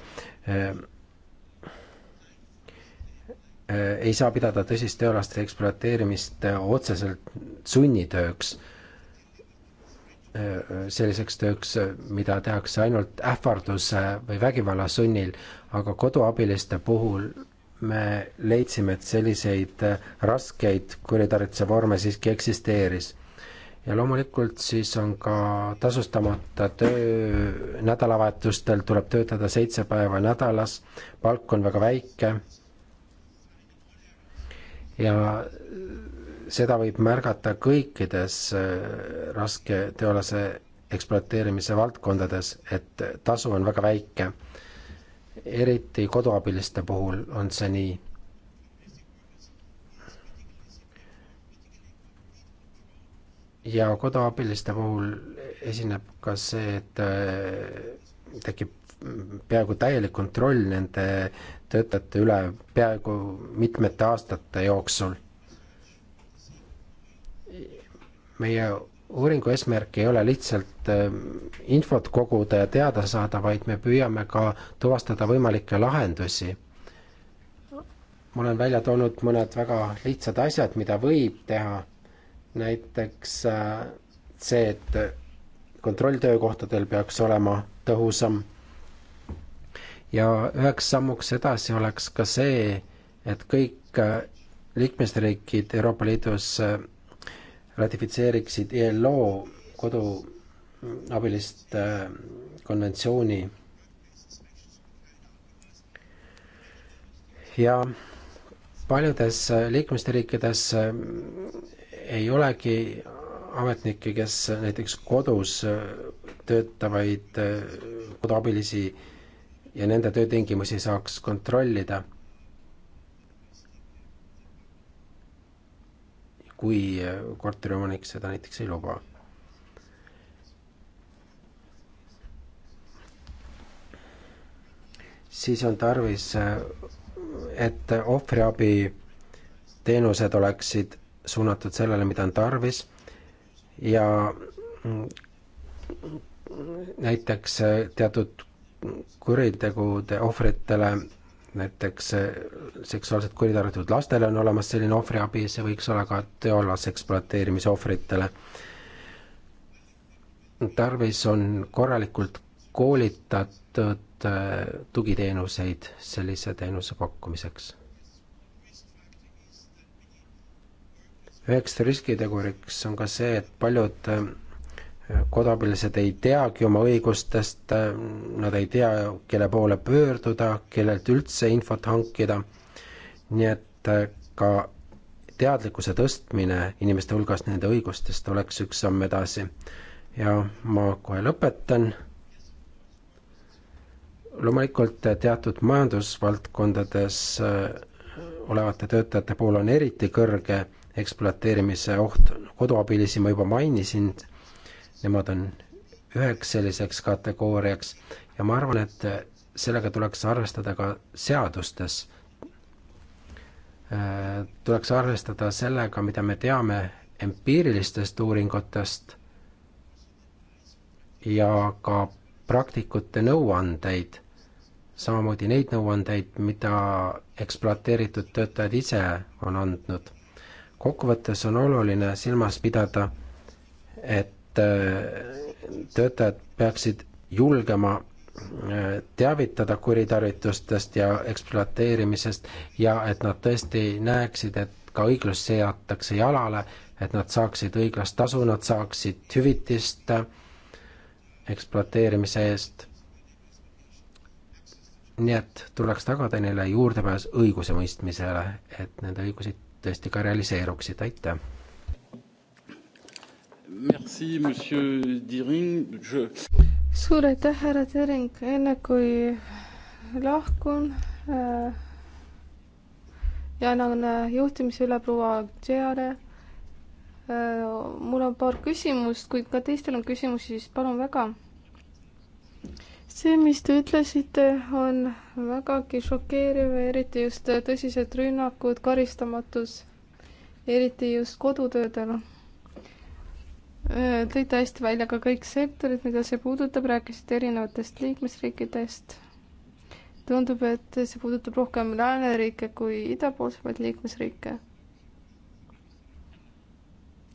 Äh, ei saa pidada tõsist töölaste ekspluateerimist äh, otseselt sunnitööks, äh, selliseks tööks, mida tehakse ainult ähvarduse või vägivalla sunnil, aga koduabiliste puhul me leidsime, et selliseid raskeid kuritarvituse vorme siiski eksisteeris. ja loomulikult siis on ka tasustamata töö, nädalavahetustel tuleb töötada seitse päeva nädalas, palk on väga väike ja seda võib märgata kõikides äh, raske teolase ekspluateerimise valdkondades, et tasu on väga väike. eriti koduabiliste puhul on see nii. ja koduabiliste puhul esineb ka see, et äh, tekib peaaegu täielik kontroll nende töötajate üle peaaegu mitmete aastate jooksul. meie uuringu eesmärk ei ole lihtsalt äh, infot koguda ja teada saada, vaid me püüame ka tuvastada võimalikke lahendusi. ma olen välja toonud mõned väga lihtsad asjad, mida võib teha, näiteks äh, see, et kontrolltöökohtadel peaks olema tõhusam ja üheks sammuks edasi oleks ka see, et kõik äh, liikmesriigid Euroopa Liidus äh, ratifitseeriksid ILO e koduabilist äh, konventsiooni. ja paljudes liikmesriikides ei olegi ametnikke, kes näiteks kodus töötavaid koduabilisi äh, ja nende töötingimusi saaks kontrollida. kui korteriomanik seda näiteks ei luba. siis on tarvis, et ohvriabi teenused oleksid suunatud sellele, mida on tarvis ja näiteks teatud kuritegude ohvritele, näiteks eh, seksuaalselt kuritarvitatud lastele on olemas selline ohvriabi, see võiks olla ka teolase ekspluateerimise ohvritele. tarvis on korralikult koolitatud eh, tugiteenuseid sellise teenuse pakkumiseks. üheks riskiteguriks on ka see, et paljud eh, kodabilised ei teagi oma õigustest, nad ei tea, kelle poole pöörduda, kellelt üldse infot hankida, nii et äh, ka teadlikkuse tõstmine inimeste hulgas nende õigustest oleks üks samm edasi. ja ma kohe lõpetan. loomulikult äh, teatud majandusvaldkondades äh, olevate töötajate puhul on eriti kõrge ekspluateerimise oht, koduabilisi ma juba mainisin nemad on üheks selliseks kategooriaks ja ma arvan, et sellega tuleks arvestada ka seadustes. Äh, tuleks arvestada sellega, mida me teame empiirilistest uuringutest ja ka praktikute nõuandeid, samamoodi neid nõuandeid, mida ekspluateeritud töötajad ise on andnud. kokkuvõttes on oluline silmas pidada, et Äh, töötajad peaksid julgema äh, teavitada kuritarvitustest ja ekspluateerimisest ja et nad tõesti näeksid, et ka õiglus seatakse jalale, et nad saaksid õiglast tasu, nad saaksid hüvitist äh, ekspluateerimise eest. nii et tuleks tagada neile juurdepääs õigusemõistmisele, et nende õigused tõesti ka realiseeruksid, aitäh! Je... suur aitäh, härra Tering, enne kui lahkun äh, ja annan äh, juhtimise üle proua Tšeale äh,. mul on paar küsimust, kui ka teistel on küsimusi, siis palun väga. see, mis te ütlesite, on vägagi šokeeriv, eriti just tõsised rünnakud, karistamatus, eriti just kodutöödel tõite hästi välja ka kõik sektorid, mida see puudutab, rääkisite erinevatest liikmesriikidest. tundub, et see puudutab rohkem lääneriike kui idapoolsemaid liikmesriike.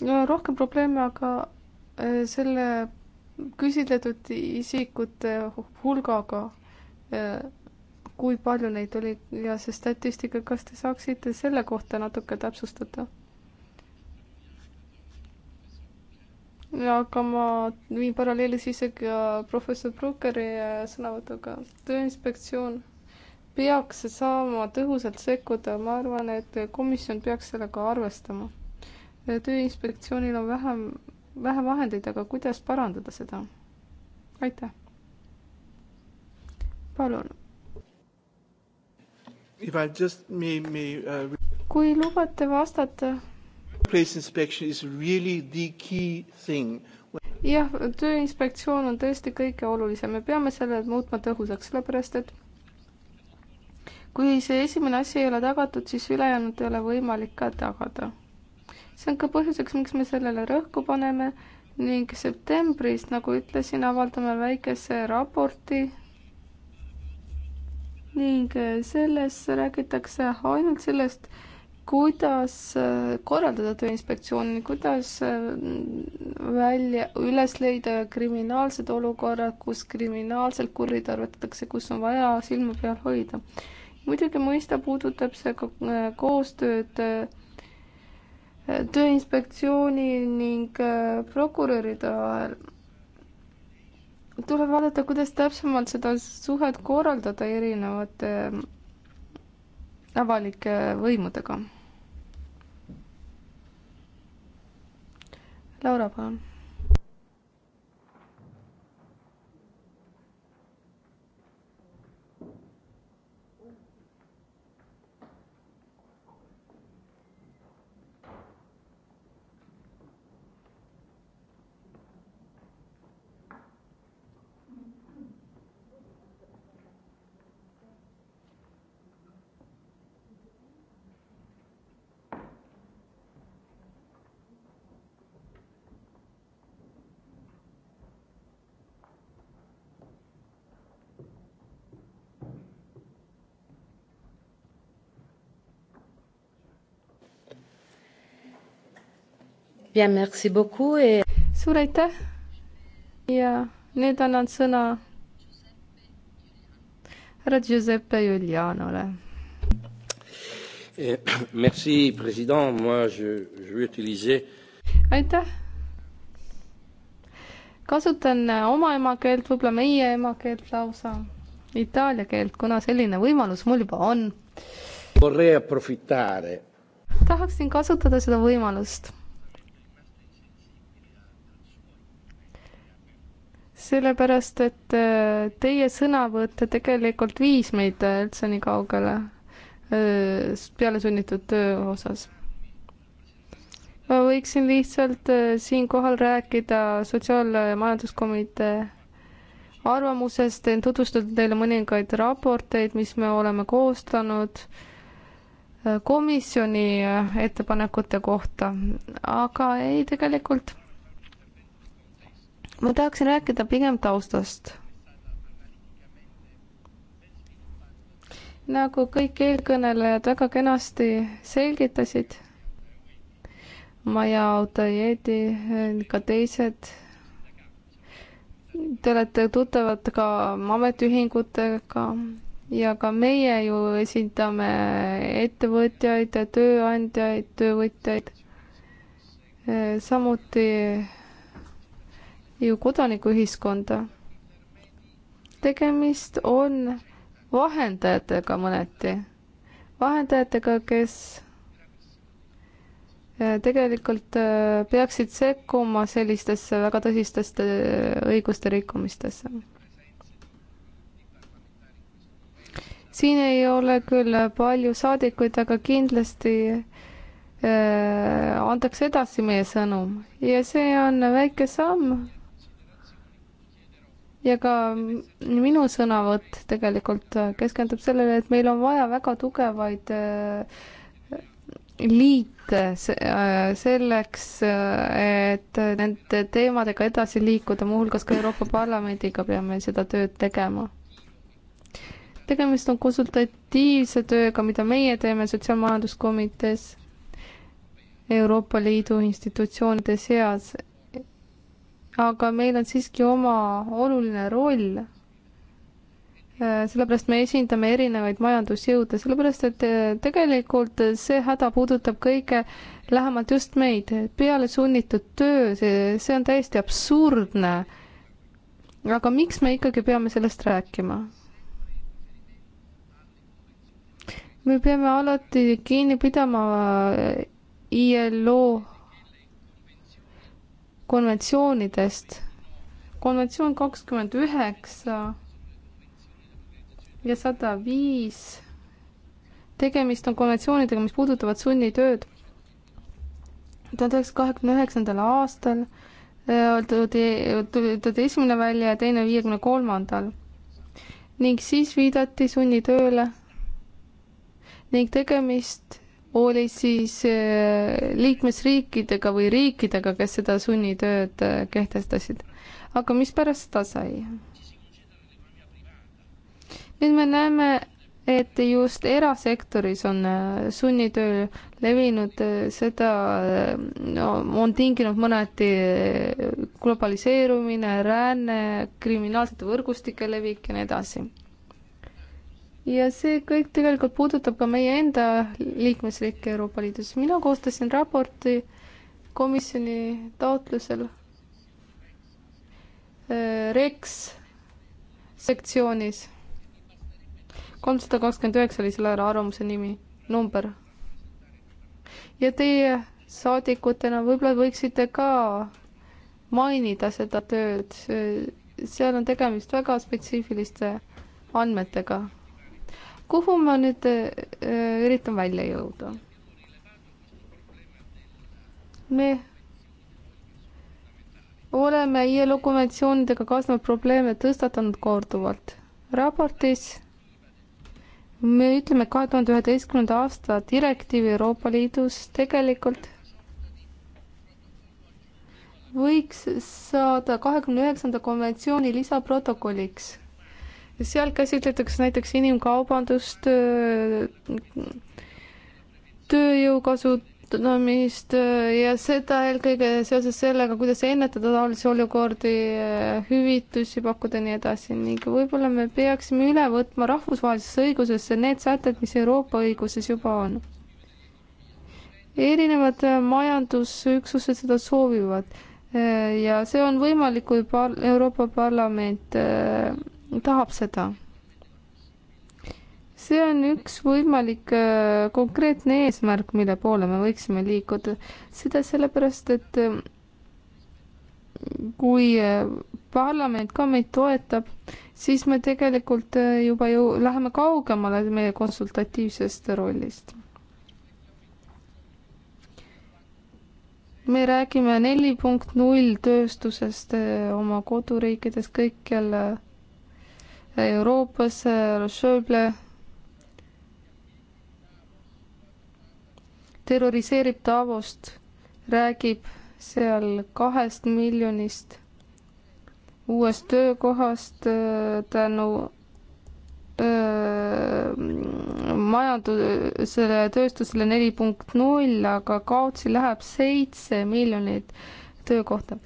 no rohkem probleeme aga äh, selle küsitletud isikute hulgaga, äh, kui palju neid oli ja see statistika, kas te saaksite selle kohta natuke täpsustada? aga ma viin paralleelis isegi professor Bruckeri äh, sõnavõtuga. tööinspektsioon peaks saama tõhusalt sekkuda, ma arvan, et komisjon peaks sellega arvestama. tööinspektsioonil on vähem, vähe vahendeid, aga kuidas parandada seda? aitäh. palun. Uh... kui lubate vastata jah, tööinspektsioon on tõesti kõige olulisem, me peame selle muutma tõhusaks, sellepärast et kui see esimene asi ei ole tagatud, siis ülejäänud ei ole võimalik ka tagada. see on ka põhjuseks, miks me sellele rõhku paneme ning septembris, nagu ütlesin, avaldame väikese raporti ning selles räägitakse ainult sellest, kuidas äh, korraldada Tööinspektsiooni, kuidas äh, välja, üles leida kriminaalsed olukorrad, kus kriminaalselt kuritarvitatakse, kus on vaja silma peal hoida. muidugi mõista puudutab see ka äh, koostööd Tööinspektsiooni ning prokuröride vahel tuleb vaadata, kuidas täpsemalt seda suhet korraldada erinevate avalike võimudega Laura, palun suur aitäh ja nüüd annan sõna härra Giuseppe Julianole. Eh, merci, president, ma, je, je vais utiliser. aitäh. kasutan äh, oma emakeelt, võib-olla meie emakeelt lausa, itaalia keelt, kuna selline võimalus mul juba on. tahaksin kasutada seda võimalust sellepärast, et äh, teie sõnavõtt tegelikult viis meid äh, üldse nii kaugele äh, pealesunnitud töö osas. ma võiksin lihtsalt siinkohal rääkida Sotsiaal- ja Majanduskomitee arvamusest, tutvustada teile mõningaid raporteid, mis me oleme koostanud komisjoni ettepanekute kohta, aga ei, tegelikult ma tahaksin rääkida pigem taustast. nagu kõik eelkõnelejad väga kenasti selgitasid, Maja Autajedi, ka teised, te olete tuttavad ka ametiühingutega ja ka meie ju esindame ettevõtjaid ja tööandjaid, töövõtjaid, samuti ju kodanikuühiskonda. tegemist on vahendajatega mõneti, vahendajatega, kes eh, tegelikult eh, peaksid sekkuma sellistesse väga tõsistesse eh, õiguste rikkumistesse. siin ei ole küll palju saadikuid, aga kindlasti antakse edasi meie sõnum ja see on väike samm ja ka minu sõnavõtt tegelikult äh, keskendub sellele, et meil on vaja väga tugevaid äh, liite äh, selleks, et nende teemadega edasi liikuda, muuhulgas ka Euroopa Parlamendiga peame seda tööd tegema. tegemist on konsultatiivse tööga, mida meie teeme Sotsiaalmajanduskomitees Euroopa Liidu institutsioonide seas aga meil on siiski oma oluline roll. Äh, sellepärast me esindame erinevaid majandusjõude, sellepärast et äh, tegelikult see häda puudutab kõige lähemalt just meid, peale sunnitud töö, see, see on täiesti absurdne. aga miks me ikkagi peame sellest rääkima? me peame alati kinni pidama äh, ILO konventsioonidest. konventsioon kakskümmend üheksa ja sada viis. tegemist on konventsioonidega, mis puudutavad sunnitööd. tuhande üheksasaja kahekümne üheksandal aastal äh, tuli, tuli, tuli esimene välja ja teine viiekümne kolmandal. ning siis viidati sunnitööle ning tegemist oli siis äh, liikmesriikidega või riikidega, kes seda sunnitööd äh, kehtestasid. aga mispärast seda sai? nüüd me näeme, et just erasektoris on äh, sunnitöö levinud, seda no, on tinginud mõneti globaliseerumine, ränne, kriminaalsete võrgustike levik ja nii edasi ja see kõik tegelikult puudutab ka meie enda liikmesriike Euroopa Liidus. mina koostasin raporti komisjoni taotlusel äh, REX sektsioonis. kolmsada kakskümmend üheksa oli selle arvamuse nimi, number. ja teie saadikutena võib-olla võiksite ka mainida seda tööd, äh, seal on tegemist väga spetsiifiliste andmetega kuhu ma nüüd äh, äh, üritan välja jõuda? me oleme ILO konventsioonidega kaasnevaid probleeme tõstatanud korduvalt. raportis me ütleme, et kahe tuhande üheteistkümnenda aasta direktiiv Euroopa Liidus tegelikult võiks saada kahekümne üheksanda konventsiooni lisaprotokolliks seal käsitletakse näiteks inimkaubandust, tööjõu kasutamist ja seda eelkõige seoses sellega, kuidas ennetada taolisi olukordi, hüvitusi pakkuda ja nii edasi ning võib-olla me peaksime üle võtma rahvusvahelisesse õigusesse need sätted, mis Euroopa õiguses juba on. erinevad majandusüksused seda soovivad ja see on võimalik, kui par-, Euroopa Parlament tahab seda. see on üks võimalik äh, konkreetne eesmärk, mille poole me võiksime liikuda. seda sellepärast, et äh, kui äh, parlament ka meid toetab, siis me tegelikult juba ju läheme kaugemale meie konsultatiivsest rollist. me räägime neli punkt null tööstusest oma koduriikides kõikjal Euroopas, härra Schäuble terroriseerib Davost, räägib seal kahest miljonist uuest töökohast äh, tänu äh, majandusele ja tööstusele neli punkt null, aga kaotsi läheb seitse miljonit töökohta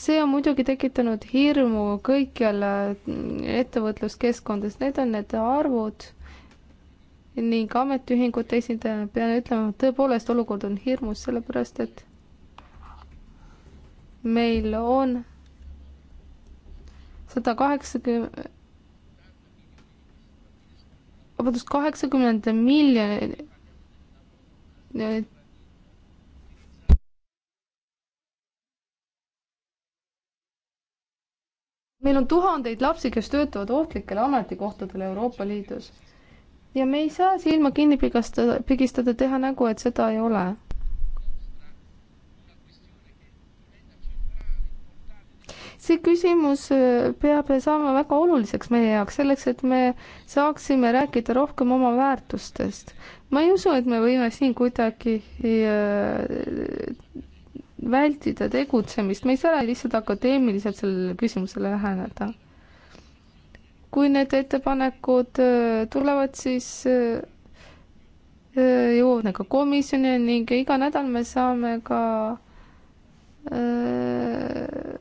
see on muidugi tekitanud hirmu kõikjal mm, ettevõtluskeskkondades, need on need arvud ning ametiühingute esindajana pean ütlema, tõepoolest olukord on hirmus, sellepärast et meil on sada kaheksakümmend, vabandust, kaheksakümmend miljonit meil on tuhandeid lapsi, kes töötavad ohtlikel ametikohtadel Euroopa Liidus. ja me ei saa silma kinni pigastada, pigistada, teha nägu, et seda ei ole. see küsimus äh, peab saama väga oluliseks meie jaoks, selleks et me saaksime rääkida rohkem oma väärtustest. ma ei usu, et me võime siin kuidagi äh, vältida tegutsemist, me ei saa lihtsalt akadeemiliselt sellele küsimusele läheneda. kui need ettepanekud äh, tulevad, siis äh, äh, jõuavad need ka komisjoni ning iga nädal me saame ka äh,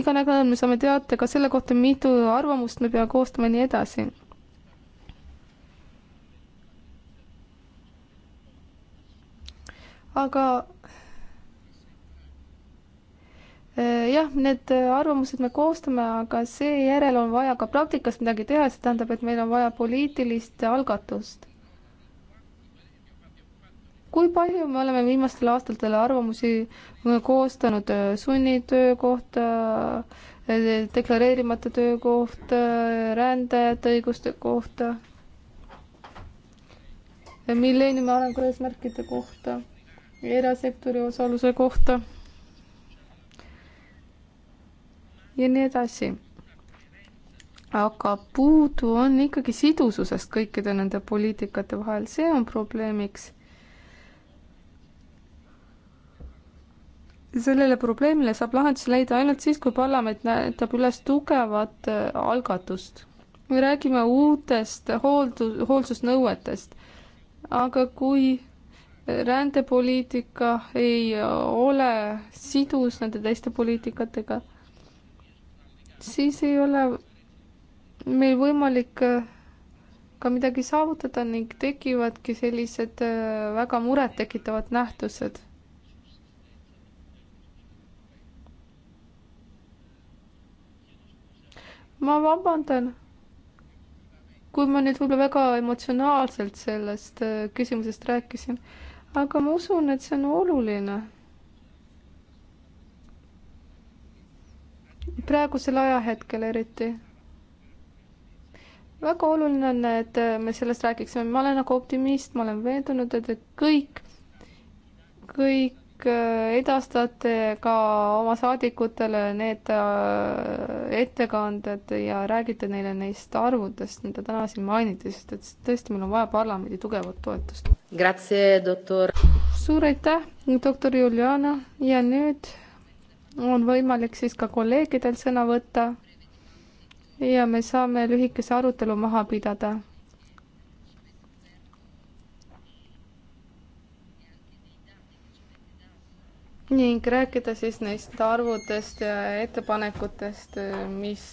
iga nädal me saame teate ka selle kohta, mitu arvamust me peame koostama ja nii edasi aga Äh, jah, need äh, arvamused me koostame, aga seejärel on vaja ka praktikas midagi teha, see tähendab, et meil on vaja poliitilist algatust. kui palju me oleme viimastel aastatel arvamusi äh, koostanud sunnitöö kohta, deklareerimata töö kohta, rändajate õiguste kohta, milleeniumi arengu eesmärkide kohta, erasektori osaluse kohta ja nii edasi. aga puudu on ikkagi sidususest kõikide nende poliitikate vahel, see on probleemiks. sellele probleemile saab lahenduse leida ainult siis, kui parlament näitab üles tugevat äh, algatust. me räägime uutest hooldu-, hoolsusnõuetest, aga kui rändepoliitika ei äh, ole sidus nende teiste poliitikatega siis ei ole meil võimalik äh, ka midagi saavutada ning tekivadki sellised äh, väga murettekitavad nähtused. ma vabandan, kui ma nüüd võib-olla väga emotsionaalselt sellest äh, küsimusest rääkisin, aga ma usun, et see on oluline praegusel ajahetkel eriti. väga oluline on, et me sellest räägiksime, ma olen nagu optimist, ma olen veendunud, et, et kõik, kõik äh, edastate ka oma saadikutele need äh, ettekanded ja räägite neile neist arvudest, mida täna siin mainiti, sest et tõesti, meil on vaja parlamendi tugevat toetust. suur aitäh, doktor Juliana ja nüüd on võimalik siis ka kolleegidel sõna võtta ja me saame lühikese arutelu maha pidada. ning rääkida siis neist arvudest ja ettepanekutest, mis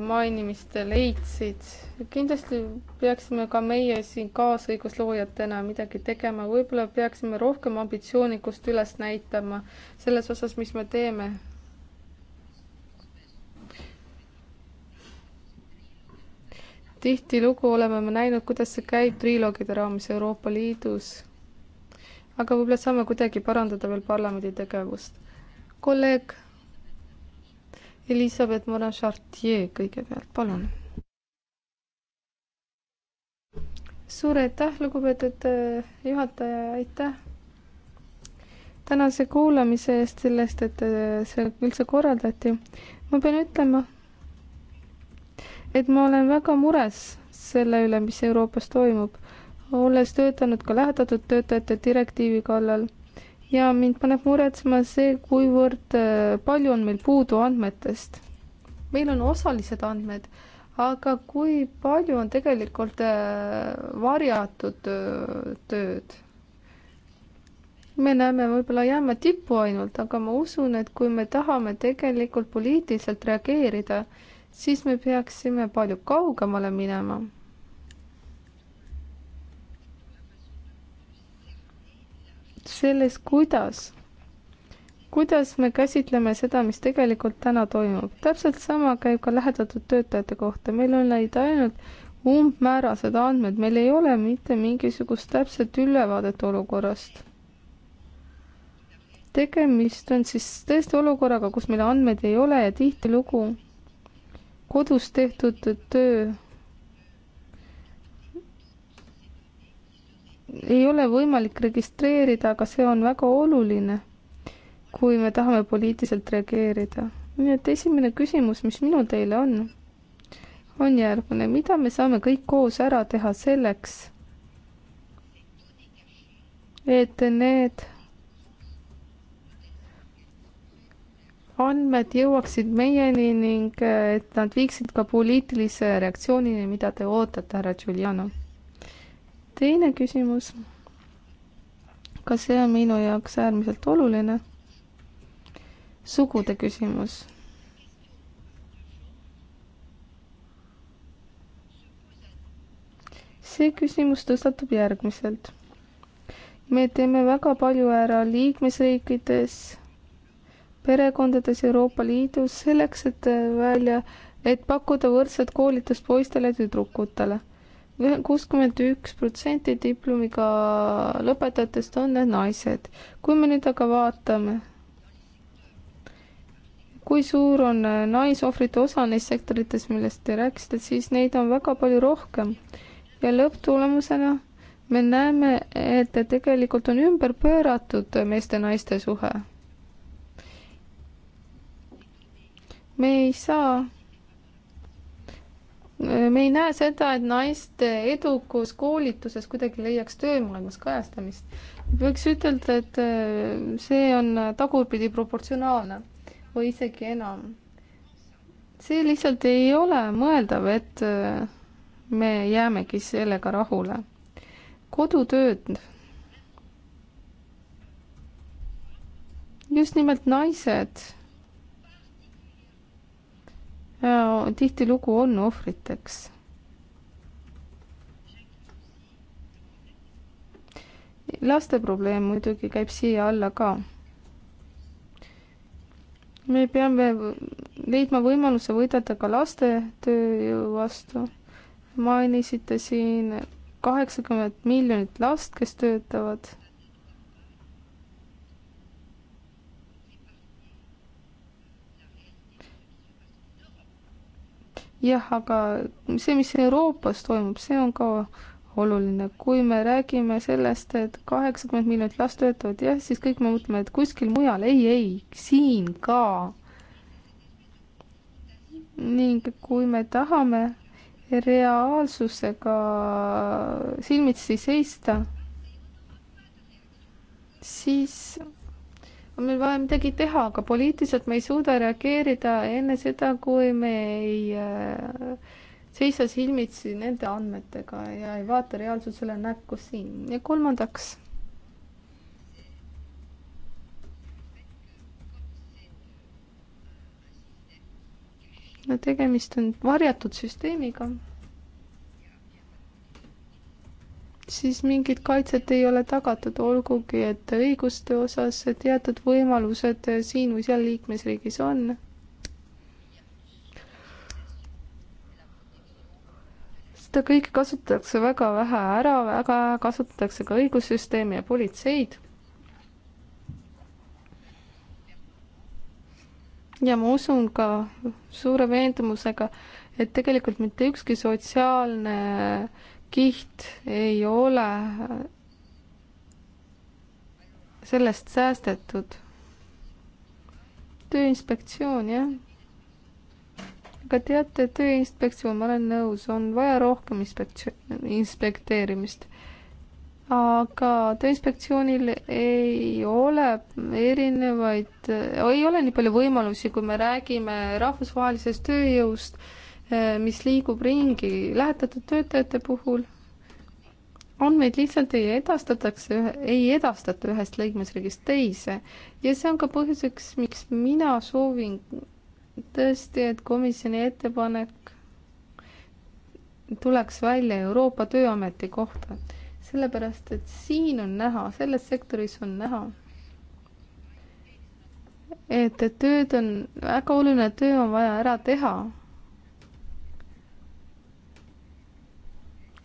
mainimist leidsid. kindlasti peaksime ka meie siin kaasõigusloojatena midagi tegema, võib-olla peaksime rohkem ambitsioonikust üles näitama selles osas, mis me teeme. tihtilugu oleme me näinud, kuidas see käib triloogide raames Euroopa Liidus. aga võib-olla saame kuidagi parandada veel parlamendi tegevust. kolleeg Elizabeth Morin-Chartier kõigepealt, palun. suur aitäh, lugupeetud äh, juhataja, aitäh tänase kuulamise eest, sellest, et äh, see üldse korraldati. ma pean ütlema, et ma olen väga mures selle üle, mis Euroopas toimub, olles töötanud ka lähedatud töötajate direktiivi kallal ja mind paneb muretsema see, kuivõrd äh, palju on meil puudu andmetest. meil on osalised andmed, aga kui palju on tegelikult äh, varjatud äh, tööd? me näeme võib-olla jääme tippu ainult, aga ma usun, et kui me tahame tegelikult poliitiliselt reageerida, siis me peaksime palju kaugemale minema selles, kuidas, kuidas me käsitleme seda, mis tegelikult täna toimub. täpselt sama käib ka lähedatud töötajate kohta, meil on neid ainult umbmäärased andmed, meil ei ole mitte mingisugust täpset ülevaadet olukorrast. tegemist on siis tõesti olukorraga, kus meil andmeid ei ole ja tihtilugu kodus tehtud töö ei ole võimalik registreerida, aga see on väga oluline, kui me tahame poliitiliselt reageerida. nii et esimene küsimus, mis minul teile on, on järgmine, mida me saame kõik koos ära teha selleks, et need andmed jõuaksid meieni ning eh, et nad viiksid ka poliitilise reaktsioonini, mida te ootate, härra Giuliano teine küsimus, ka see on minu jaoks äärmiselt oluline, sugude küsimus see küsimus tõstatub järgmiselt. me teeme väga palju ära liikmesriikides, perekondades Euroopa Liidus selleks, et välja, et pakkuda võrdset koolitust poistele ja tüdrukutele kuuskümmend üks protsenti diplomiga lõpetajatest on naised. kui me nüüd aga vaatame, kui suur on äh, naisohvrite osa neis sektorites, millest te rääkisite, siis neid on väga palju rohkem. ja lõpptulemusena me näeme, et tegelikult on ümber pööratud meeste-naiste suhe. me ei saa me ei näe seda, et naiste edukus koolituses kuidagi leiaks töömaailmas kajastamist. võiks ütelda, et äh, see on tagurpidi proportsionaalne või isegi enam. see lihtsalt ei ole mõeldav, et äh, me jäämegi sellega rahule. kodutööd. just nimelt naised tihtilugu on ohvriteks. laste probleem muidugi käib siia alla ka. me peame leidma võimaluse võidelda ka laste tööjõu vastu. mainisite siin kaheksakümmend miljonit last, kes töötavad jah, aga see, mis Euroopas toimub, see on ka oluline, kui me räägime sellest, et kaheksakümmend miljonit last töötavad, jah, siis kõik me mõtleme, et kuskil mujal, ei, ei, siin ka. ning kui me tahame reaalsusega silmitsi seista, siis on meil vaja midagi teha, aga poliitiliselt me ei suuda reageerida enne seda, kui me ei äh, seisa silmitsi nende andmetega ja ei vaata reaalsusele näkku siin. ja kolmandaks. no tegemist on varjatud süsteemiga siis mingit kaitset ei ole tagatud, olgugi et õiguste osas teatud võimalused siin või seal liikmesriigis on. seda kõike kasutatakse väga vähe ära, väga kasutatakse ka õigussüsteemi ja politseid. ja ma usun ka suure veendumusega, et tegelikult mitte ükski sotsiaalne äh, kiht ei ole sellest säästetud. tööinspektsioon, jah. aga teate, tööinspektsioon, ma olen nõus, on vaja rohkem inspektsioon, inspekteerimist. aga tööinspektsioonil ei ole erinevaid, ei ole nii palju võimalusi, kui me räägime rahvusvahelisest tööjõust Äh, mis liigub ringi lähetatud töötajate puhul. andmeid lihtsalt ei edastatakse, ei edastata ühest liikmesriigist teise ja see on ka põhjuseks, miks mina soovin tõesti, et komisjoni ettepanek tuleks välja Euroopa Tööameti kohta, sellepärast et siin on näha, selles sektoris on näha, et, et tööd on, väga oluline töö on vaja ära teha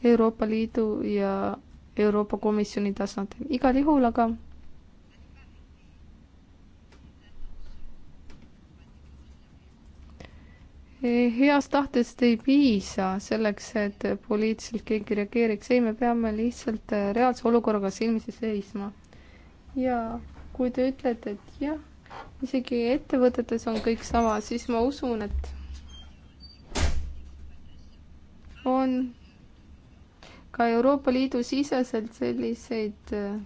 Euroopa Liidu ja Euroopa Komisjoni tasandil. igal juhul aga heast tahtest ei piisa selleks, et poliitiliselt keegi reageeriks, ei, me peame lihtsalt reaalse olukorraga silmitsi seisma. ja kui te ütlete, et jah, isegi ettevõtetes on kõik sama, siis ma usun, et on ka Euroopa Liidu siseselt selliseid äh,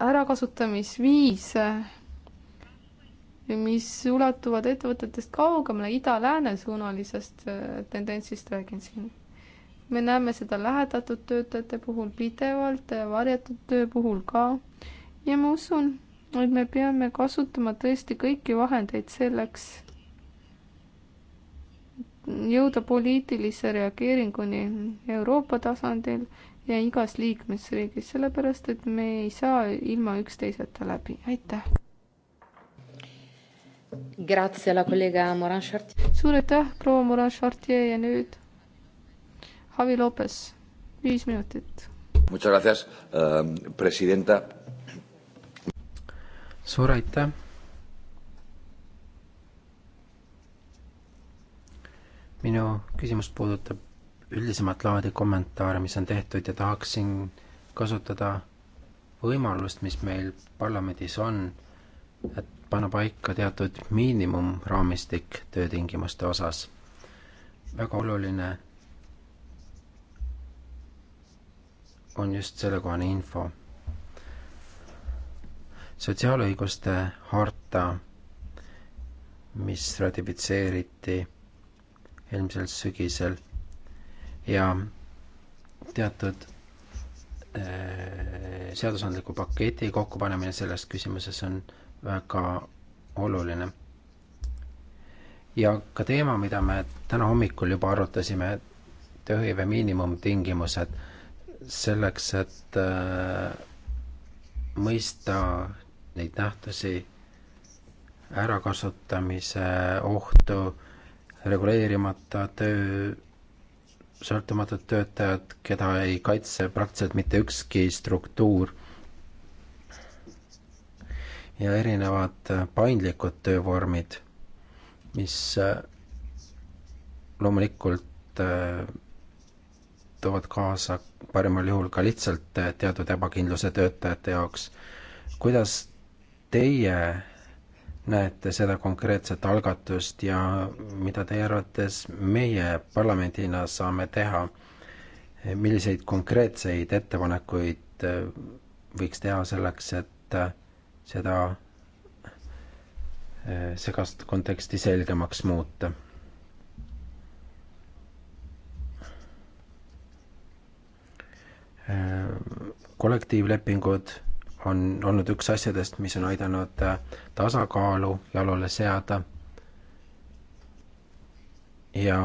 ärakasutamisviise, mis ulatuvad ettevõtetest kaugemale ida-lääne suunalisest äh, tendentsist räägin siin. me näeme seda lähedatud töötajate puhul pidevalt, varjatud töö puhul ka ja ma usun, et me peame kasutama tõesti kõiki vahendeid selleks jõuda poliitilise reageeringuni Euroopa tasandil ja igas liikmesriigis, sellepärast et me ei saa ilma üksteiseta läbi, aitäh. suur aitäh, proua Morin-Chartier ja nüüd Javi Lopes, viis minutit. Eh, suur aitäh minu küsimus puudutab üldisemat laadi kommentaare, mis on tehtud ja tahaksin kasutada võimalust, mis meil parlamendis on, et panna paika teatud miinimumraamistik töötingimuste osas. väga oluline on just sellekohane info. sotsiaalõiguste harta, mis ratifitseeriti eelmisel sügisel ja teatud äh, seadusandliku paketi kokkupanemine selles küsimuses on väga oluline. ja ka teema, mida me täna hommikul juba arutasime, tööhõive miinimumtingimused, selleks, et äh, mõista neid nähtusi, ärakasutamise ohtu, reguleerimata töö, sõltumatud töötajad, keda ei kaitse praktiliselt mitte ükski struktuur. ja erinevad paindlikud töövormid, mis äh, loomulikult äh, toovad kaasa parimal juhul ka lihtsalt äh, teatud ebakindluse töötajate jaoks. kuidas teie näete seda konkreetset algatust ja mida teie arvates meie parlamendina saame teha? milliseid konkreetseid ettepanekuid äh, võiks teha selleks, et äh, seda äh, segast konteksti selgemaks muuta? kollektiivlepingud on olnud üks asjadest, mis on aidanud äh, tasakaalu jalule seada ja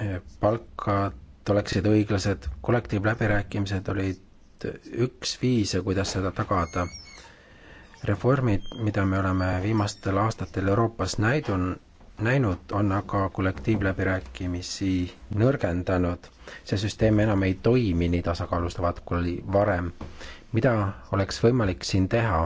äh, palkad oleksid õiglased, kollektiivläbirääkimised olid üks viise, kuidas seda tagada. reformid, mida me oleme viimastel aastatel Euroopas näidun-, näinud, on aga kollektiivläbirääkimisi nõrgendanud see süsteem enam ei toimi nii tasakaalustavalt kui varem. mida oleks võimalik siin teha?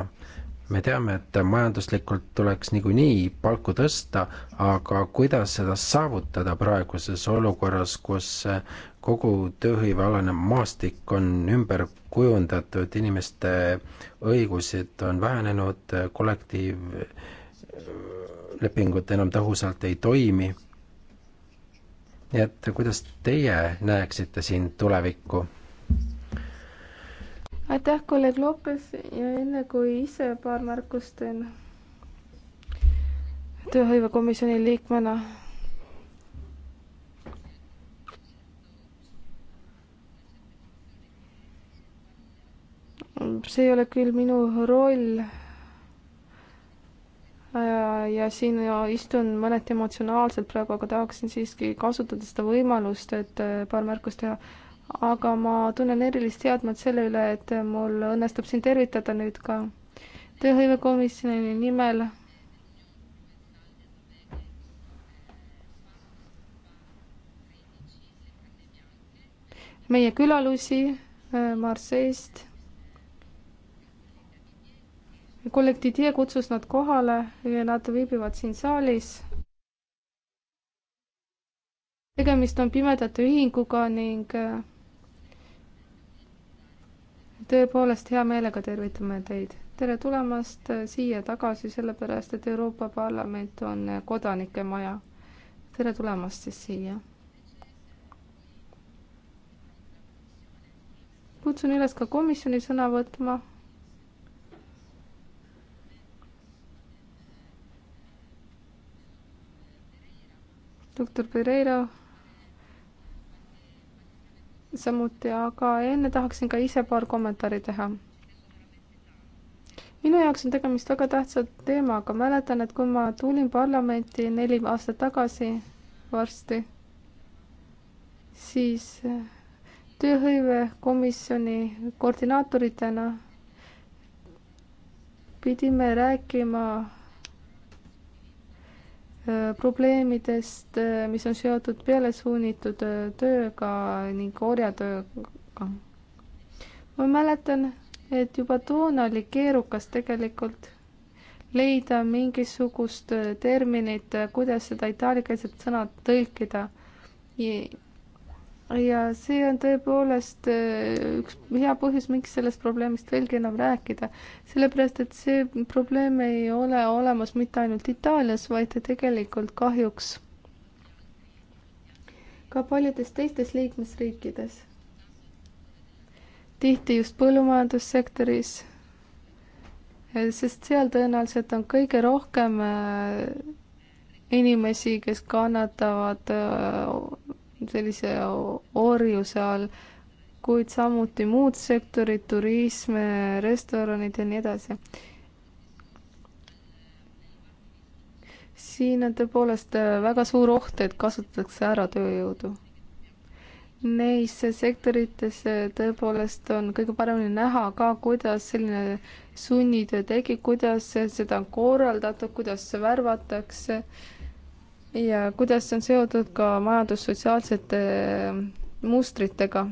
me teame, et majanduslikult tuleks niikuinii palku tõsta, aga kuidas seda saavutada praeguses olukorras, kus kogu tööhõive alane maastik on ümber kujundatud, inimeste õigused on vähenenud, kollektiivlepingud enam tõhusalt ei toimi nii et kuidas teie näeksite siin tulevikku? aitäh, kolleeg Lopes ja enne kui ise paar märkust teen tööhõivekomisjoni liikmena. see ei ole küll minu roll Äh, ja siin istun mõneti emotsionaalselt praegu, aga tahaksin siiski kasutada seda võimalust, et äh, paar märkust teha. aga ma tunnen erilist teadmat selle üle, et mul õnnestub sind tervitada nüüd ka tööhõivekomisjoni nimel. meie külalusi äh, Marseille'st kollektiivtee kutsus nad kohale ja nad viibivad siin saalis. tegemist on pimedate ühinguga ning äh, tõepoolest hea meelega tervitame teid. tere tulemast äh, siia tagasi, sellepärast et Euroopa Parlament on äh, kodanike maja. tere tulemast siis siia. kutsun üles ka komisjoni sõna võtma doktor Pereira samuti, aga enne tahaksin ka ise paar kommentaari teha. minu jaoks on tegemist väga tähtsa teemaga, mäletan, et kui ma tulin parlamenti neli aastat tagasi varsti, siis tööhõivekomisjoni koordinaatoritena pidime rääkima probleemidest, mis on seotud pealesuunitud tööga ning orjatööga. ma mäletan, et juba toona oli keerukas tegelikult leida mingisugust terminit, kuidas seda itaaliakeelset sõna tõlkida ja see on tõepoolest äh, üks hea põhjus, miks sellest probleemist veelgi enam rääkida. sellepärast, et see probleem ei ole olemas mitte ainult Itaalias, vaid tegelikult kahjuks ka paljudes teistes liikmesriikides. tihti just põllumajandussektoris, äh, sest seal tõenäoliselt on kõige rohkem äh, inimesi, kes kannatavad sellise orjuse all, kuid samuti muud sektorid, turism, restoranid ja nii edasi. siin on tõepoolest väga suur oht, et kasutatakse ära tööjõudu. Neis sektorites tõepoolest on kõige paremini näha ka, kuidas selline sunnitöö tekib, kuidas seda on korraldatud, kuidas värvatakse äh, ja kuidas see on seotud ka majandussotsiaalsete äh, mustritega?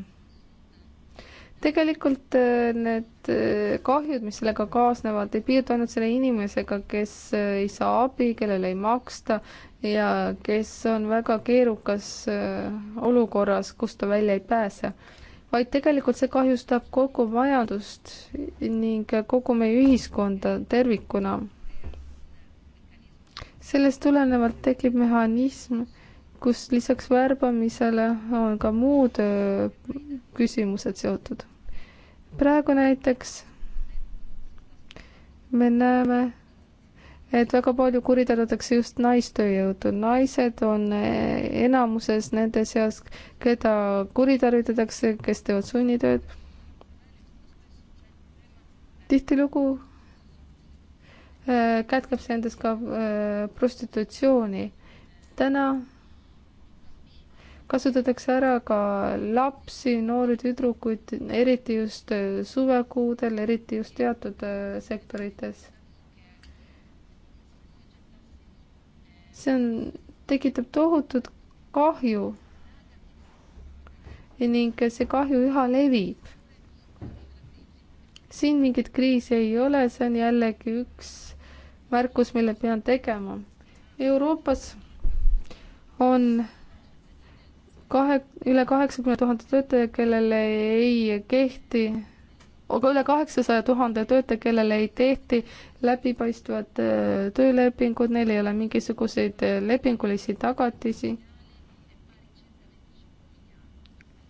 tegelikult äh, need äh, kahjud, mis sellega kaasnevad, ei piirdu ainult selle inimesega, kes ei saa abi, kellele ei maksta ja kes on väga keerukas olukorras, kust ta välja ei pääse, vaid tegelikult see kahjustab kogu majandust ning kogu meie ühiskonda tervikuna sellest tulenevalt tekib mehhanism, kus lisaks värbamisele on ka muud äh, küsimused seotud. praegu näiteks me näeme, et väga palju kuritarvitatakse just naistööjõudu. naised on äh, enamuses nende seas, keda kuritarvitatakse, kes teevad sunnitööd. tihtilugu Äh, kätkeb see endas ka äh, prostitutsiooni. täna kasutatakse ära ka lapsi, noori tüdrukuid, eriti just äh, suvekuudel, eriti just teatud sektorites. see on, tekitab tohutut kahju. ning see kahju üha levib. siin mingit kriisi ei ole, see on jällegi üks märkus, mille pean tegema. Euroopas on kahe, üle kaheksakümne tuhande töötaja, kellele ei kehti, aga üle kaheksasaja tuhande töötaja, kellele ei tehti läbipaistvad äh, töölepingud, neil ei ole mingisuguseid äh, lepingulisi tagatisi.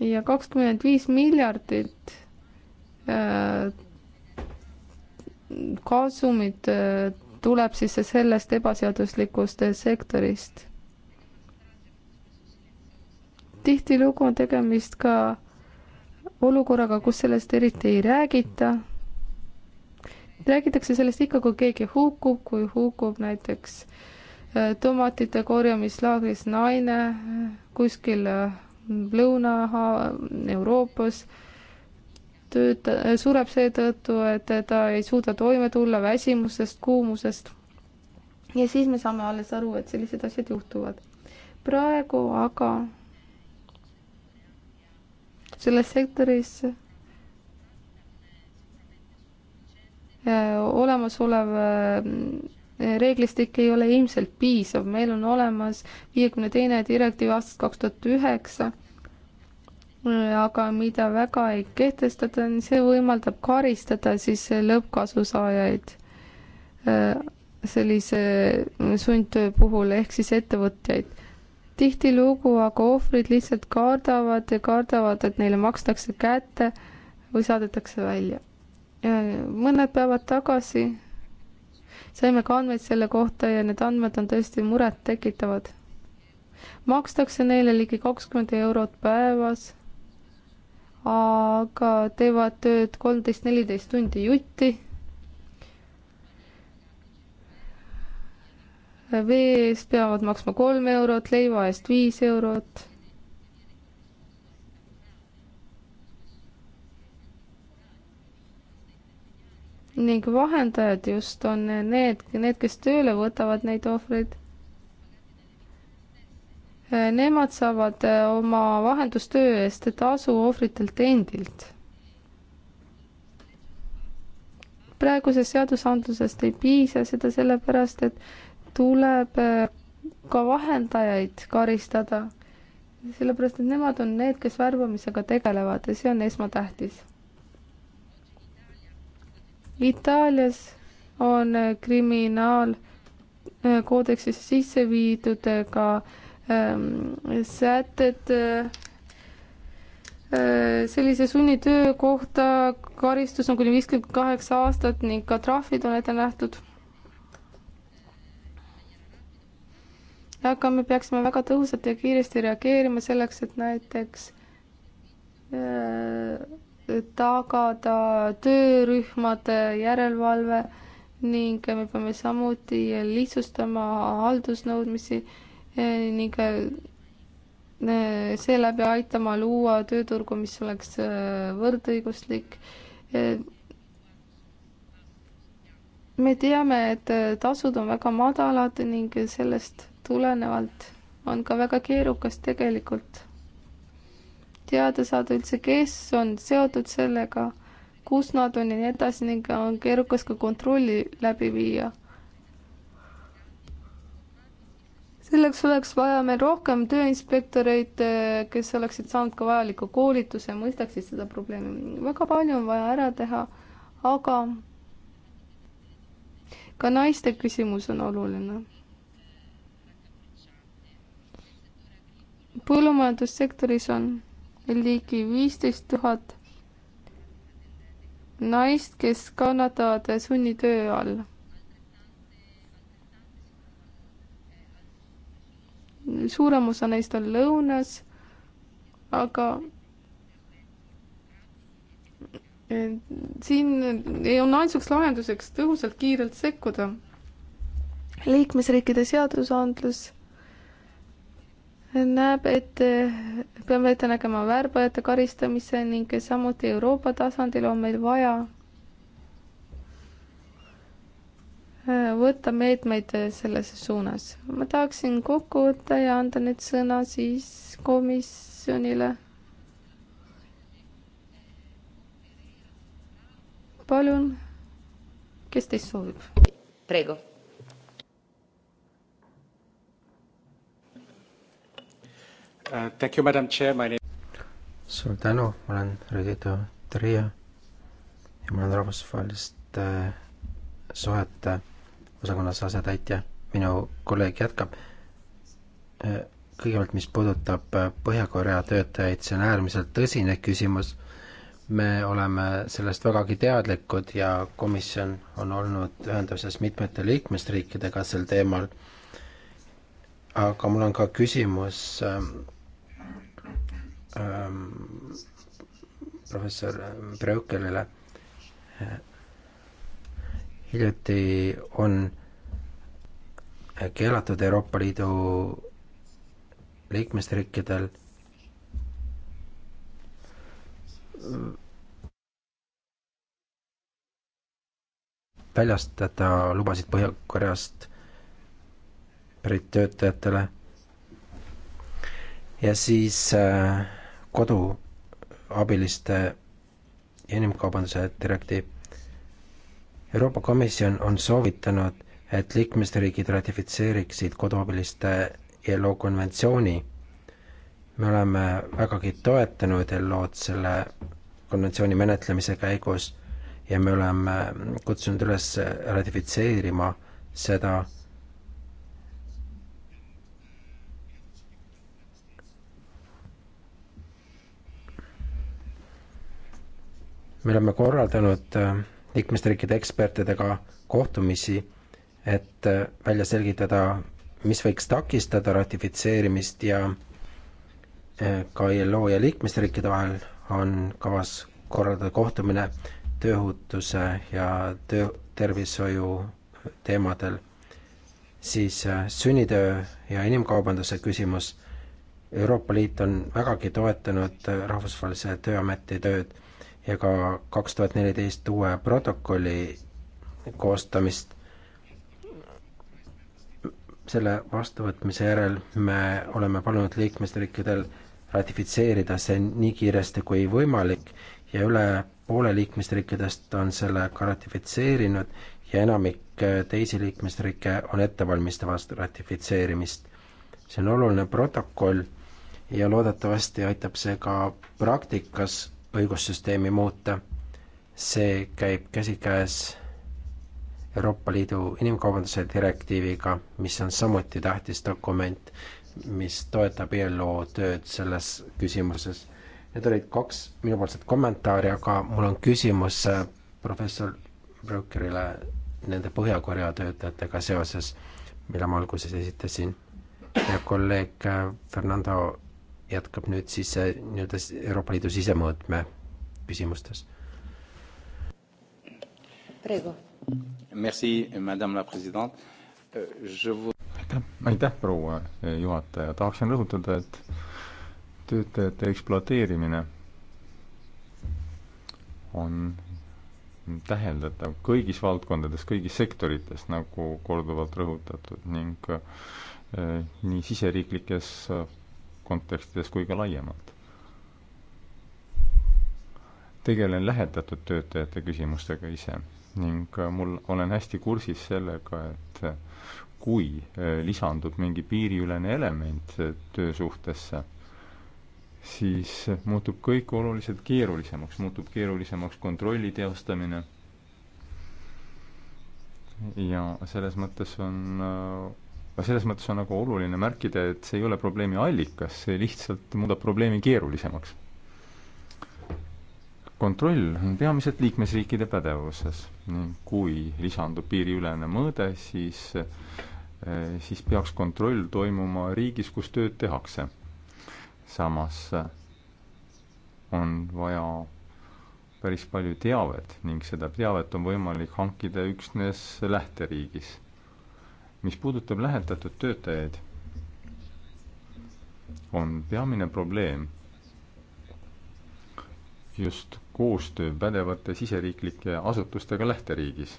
ja kakskümmend viis miljardit äh, kasumid tuleb siis sellest ebaseaduslikust sektorist. tihtilugu on tegemist ka olukorraga, kus sellest eriti ei räägita. räägitakse sellest ikka, kui keegi hukkub, kui hukkub näiteks äh, tomatite korjamislaagris naine äh, kuskil äh, Lõuna-Euroopas tööta-, sureb seetõttu, et ta ei suuda toime tulla väsimusest, kuumusest. ja siis me saame alles aru, et sellised asjad juhtuvad. praegu aga selles sektoris äh, olemasolev äh, reeglistik ei ole ilmselt piisav, meil on olemas viiekümne teine direktiiv aastast kaks tuhat üheksa aga mida väga ei kehtestata, on see võimaldab karistada siis lõppkasusaajaid äh, sellise sundtöö puhul ehk siis ettevõtjaid. tihtilugu aga ohvrid lihtsalt kardavad ja kardavad, et neile makstakse kätte või saadetakse välja. mõned päevad tagasi saime ka andmeid selle kohta ja need andmed on tõesti murettekitavad. makstakse neile ligi kakskümmend eurot päevas aga teevad tööd kolmteist, neliteist tundi jutti. vee eest peavad maksma kolm eurot, leiva eest viis eurot. ning vahendajad just on need, need, kes tööle võtavad neid ohvreid Äh, nemad saavad äh, oma vahendustöö eest tasu ohvritelt endilt. praegusest seadusandlusest ei piisa, seda sellepärast, et tuleb äh, ka vahendajaid karistada, sellepärast et nemad on need, kes värbamisega tegelevad ja see on esmatähtis. Itaalias on kriminaalkoodeksisse sisse viidud ka äh, Ähm, sätted äh, äh, sellise sunnitöö kohta karistus on kuni viiskümmend kaheksa aastat ning ka trahvid on ette nähtud. aga me peaksime väga tõhusalt ja kiiresti reageerima selleks, et näiteks äh, tagada töörühmade järelevalve ning me peame samuti lihtsustama haldusnõudmisi Eh, ning eh, eh, seeläbi aitama luua tööturgu, mis oleks võrdõiguslik. me teame, et tasud on väga madalad ning sellest tulenevalt on ka väga keerukas tegelikult teada saada üldse, kes on seotud sellega, kus nad on ja nii edasi ning on keerukas ka kontrolli läbi viia selleks oleks vaja meil rohkem tööinspektoreid, eh, kes oleksid saanud ka vajaliku koolituse, mõistaksid seda probleemi. väga palju on vaja ära teha, aga ka naiste küsimus on oluline. põllumajandussektoris on ligi viisteist tuhat naist, kes kannatavad sunnitöö all suurem osa neist on lõunas, aga siin on ainsaks lahenduseks tõhusalt kiirelt sekkuda. liikmesriikide seadusandlus näeb ette, peame ette nägema värbajate karistamise ning samuti Euroopa tasandil on meil vaja võtta meetmeid selles suunas. ma tahaksin kokku võtta ja anda nüüd sõna siis komisjonile. palun, kes teist soovib? Prego. Uh, thank you, Madam Chair, my name. suur tänu, ma olen Redito Tria ja ma olen rahvusvaheliste äh, suhete osakonnas asetäitja, minu kolleeg jätkab. Äh, kõigepealt, mis puudutab äh, Põhja-Korea töötajaid, see on äärmiselt tõsine küsimus. me oleme sellest vägagi teadlikud ja komisjon on olnud ühenduses mitmete liikmesriikidega sel teemal. aga mul on ka küsimus ähm, ähm, professor Breukelile äh, hiljuti on keelatud Euroopa Liidu liikmesriikidel väljastada lubasid Põhja-Koreast pärit töötajatele. ja siis äh, koduabiliste ja inimkaubanduse direktiiv. Euroopa Komisjon on soovitanud, et liikmesriigid ratifitseeriksid koduabiliste ILO konventsiooni. me oleme vägagi toetanud ILO-d selle konventsiooni menetlemise käigus ja me oleme kutsunud üles ratifitseerima seda me oleme korraldanud äh, liikmesriikide ekspertidega kohtumisi, et äh, välja selgitada, mis võiks takistada ratifitseerimist ja äh, ka ILO ja liikmesriikide vahel on kavas korraldada kohtumine tööohutuse ja töö, tervishoiu teemadel, siis äh, sünnitöö ja inimkaubanduse küsimus. Euroopa Liit on vägagi toetanud Rahvusvahelise Tööameti tööd ja ka kaks tuhat neliteist uue protokolli koostamist. selle vastuvõtmise järel me oleme palunud liikmesriikidel ratifitseerida see nii kiiresti kui võimalik ja üle poole liikmesriikidest on selle ka ratifitseerinud ja enamik teisi liikmesriike on ettevalmistavas ratifitseerimist. see on oluline protokoll ja loodetavasti aitab see ka praktikas õigussüsteemi muuta. see käib käsikäes Euroopa Liidu inimkaubanduse direktiiviga, mis on samuti tähtis dokument, mis toetab ILO tööd selles küsimuses. Need olid kaks minupoolset kommentaari, aga mul on küsimus äh, professor Brückerile nende Põhja-Korea töötajatega seoses, mille ma alguses esitasin. ja kolleeg äh, Fernando jätkab nüüd siis äh, nii-öelda Euroopa Liidu sisemõõtme küsimustes. Euh, aitäh, aitäh, proua juhataja, tahaksin rõhutada, et töötajate ekspluateerimine on täheldatav kõigis valdkondades, kõigis sektorites, nagu korduvalt rõhutatud, ning äh, nii siseriiklikes kontekstides kui ka laiemalt. tegelen lähetatud töötajate küsimustega ise ning äh, mul, olen hästi kursis sellega, et äh, kui äh, lisandub mingi piiriülene element töösuhtesse, siis muutub kõik oluliselt keerulisemaks, muutub keerulisemaks kontrolli teostamine ja selles mõttes on selles mõttes on nagu oluline märkida, et see ei ole probleemi allikas, see lihtsalt muudab probleemi keerulisemaks. kontroll on peamiselt liikmesriikide pädevuses ning kui lisandub piiriülene mõõde, siis, eh, siis peaks kontroll toimuma riigis, kus tööd tehakse. samas eh, on vaja päris palju teavet ning seda teavet on võimalik hankida üksnes lähteriigis mis puudutab lähetatud töötajaid, on peamine probleem just koostöö pädevate siseriiklike asutustega lähteriigis.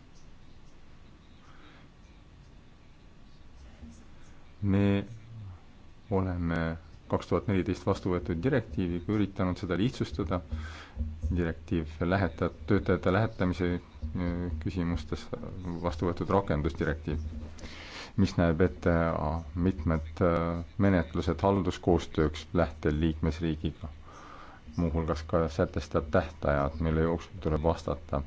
me oleme kaks tuhat neliteist vastu võetud direktiiviga üritanud seda lihtsustada, direktiiv lähetab, töötajate lähetamise äh, küsimustes vastu võetud rakendusdirektiiv mis näeb ette äh, mitmed äh, menetlused halduskoostööks lähtel liikmesriigiga. muuhulgas ka sätestab tähtajad, mille jooksul tuleb vastata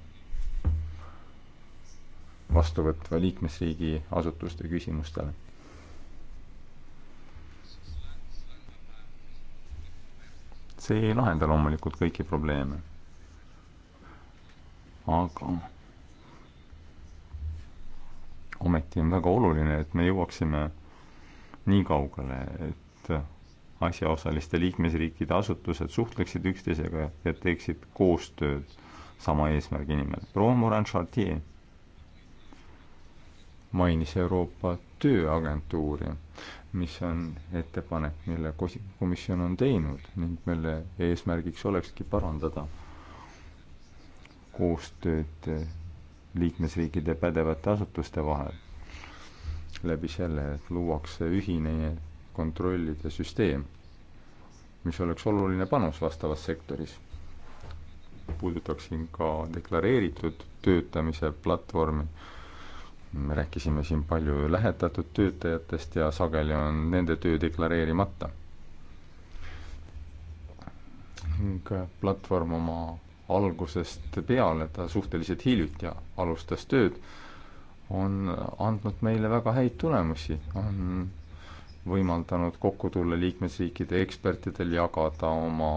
vastuvõtva liikmesriigi asutuste küsimustele see ei lahenda loomulikult kõiki probleeme. aga ometi on väga oluline, et me jõuaksime nii kaugele, et asjaosaliste liikmesriikide asutused suhtleksid üksteisega ja teeksid koostööd sama eesmärgi nimel. proua Morin Chartier mainis Euroopa Tööagentuuri, mis on ettepanek, mille komisjon on teinud ning mille eesmärgiks olekski parandada koostööd liikmesriikide pädevate asutuste vahel läbi selle, et luuakse ühine kontrollide süsteem, mis oleks oluline panus vastavas sektoris. puudutaksin ka deklareeritud töötamise platvormi, me rääkisime siin palju lähetatud töötajatest ja sageli on nende töö deklareerimata. ning platvorm oma algusest peale, ta suhteliselt hiljuti alustas tööd, on andnud meile väga häid tulemusi, on võimaldanud kokku tulla liikmesriikide ekspertidel, jagada oma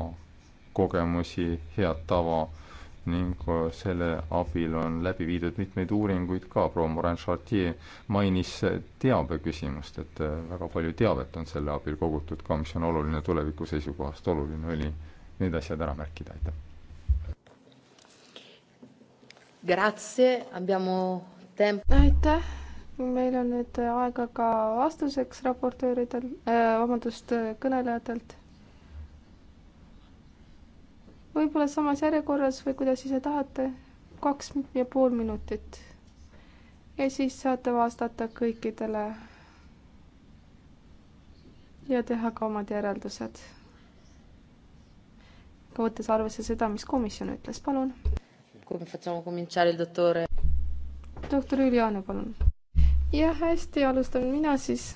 kogemusi, head tava ning selle abil on läbi viidud mitmeid uuringuid ka, proua Morin Chartier mainis teabe küsimust, et väga palju teavet on selle abil kogutud ka, mis on oluline tuleviku seisukohast, oluline oli need asjad ära märkida, aitäh! Grazie, abbiamo temp-. aitäh, meil on nüüd aega ka vastuseks raportööridel äh,, vabandust, kõnelejatelt. võib-olla samas järjekorras või kuidas ise tahate, kaks ja pool minutit. ja siis saate vastata kõikidele ja teha ka omad järeldused. ka võttes arvesse seda, mis komisjon ütles, palun kui me facciamo cominciare il dottore. doktor Juliana, palun. jah, hästi, alustan mina siis.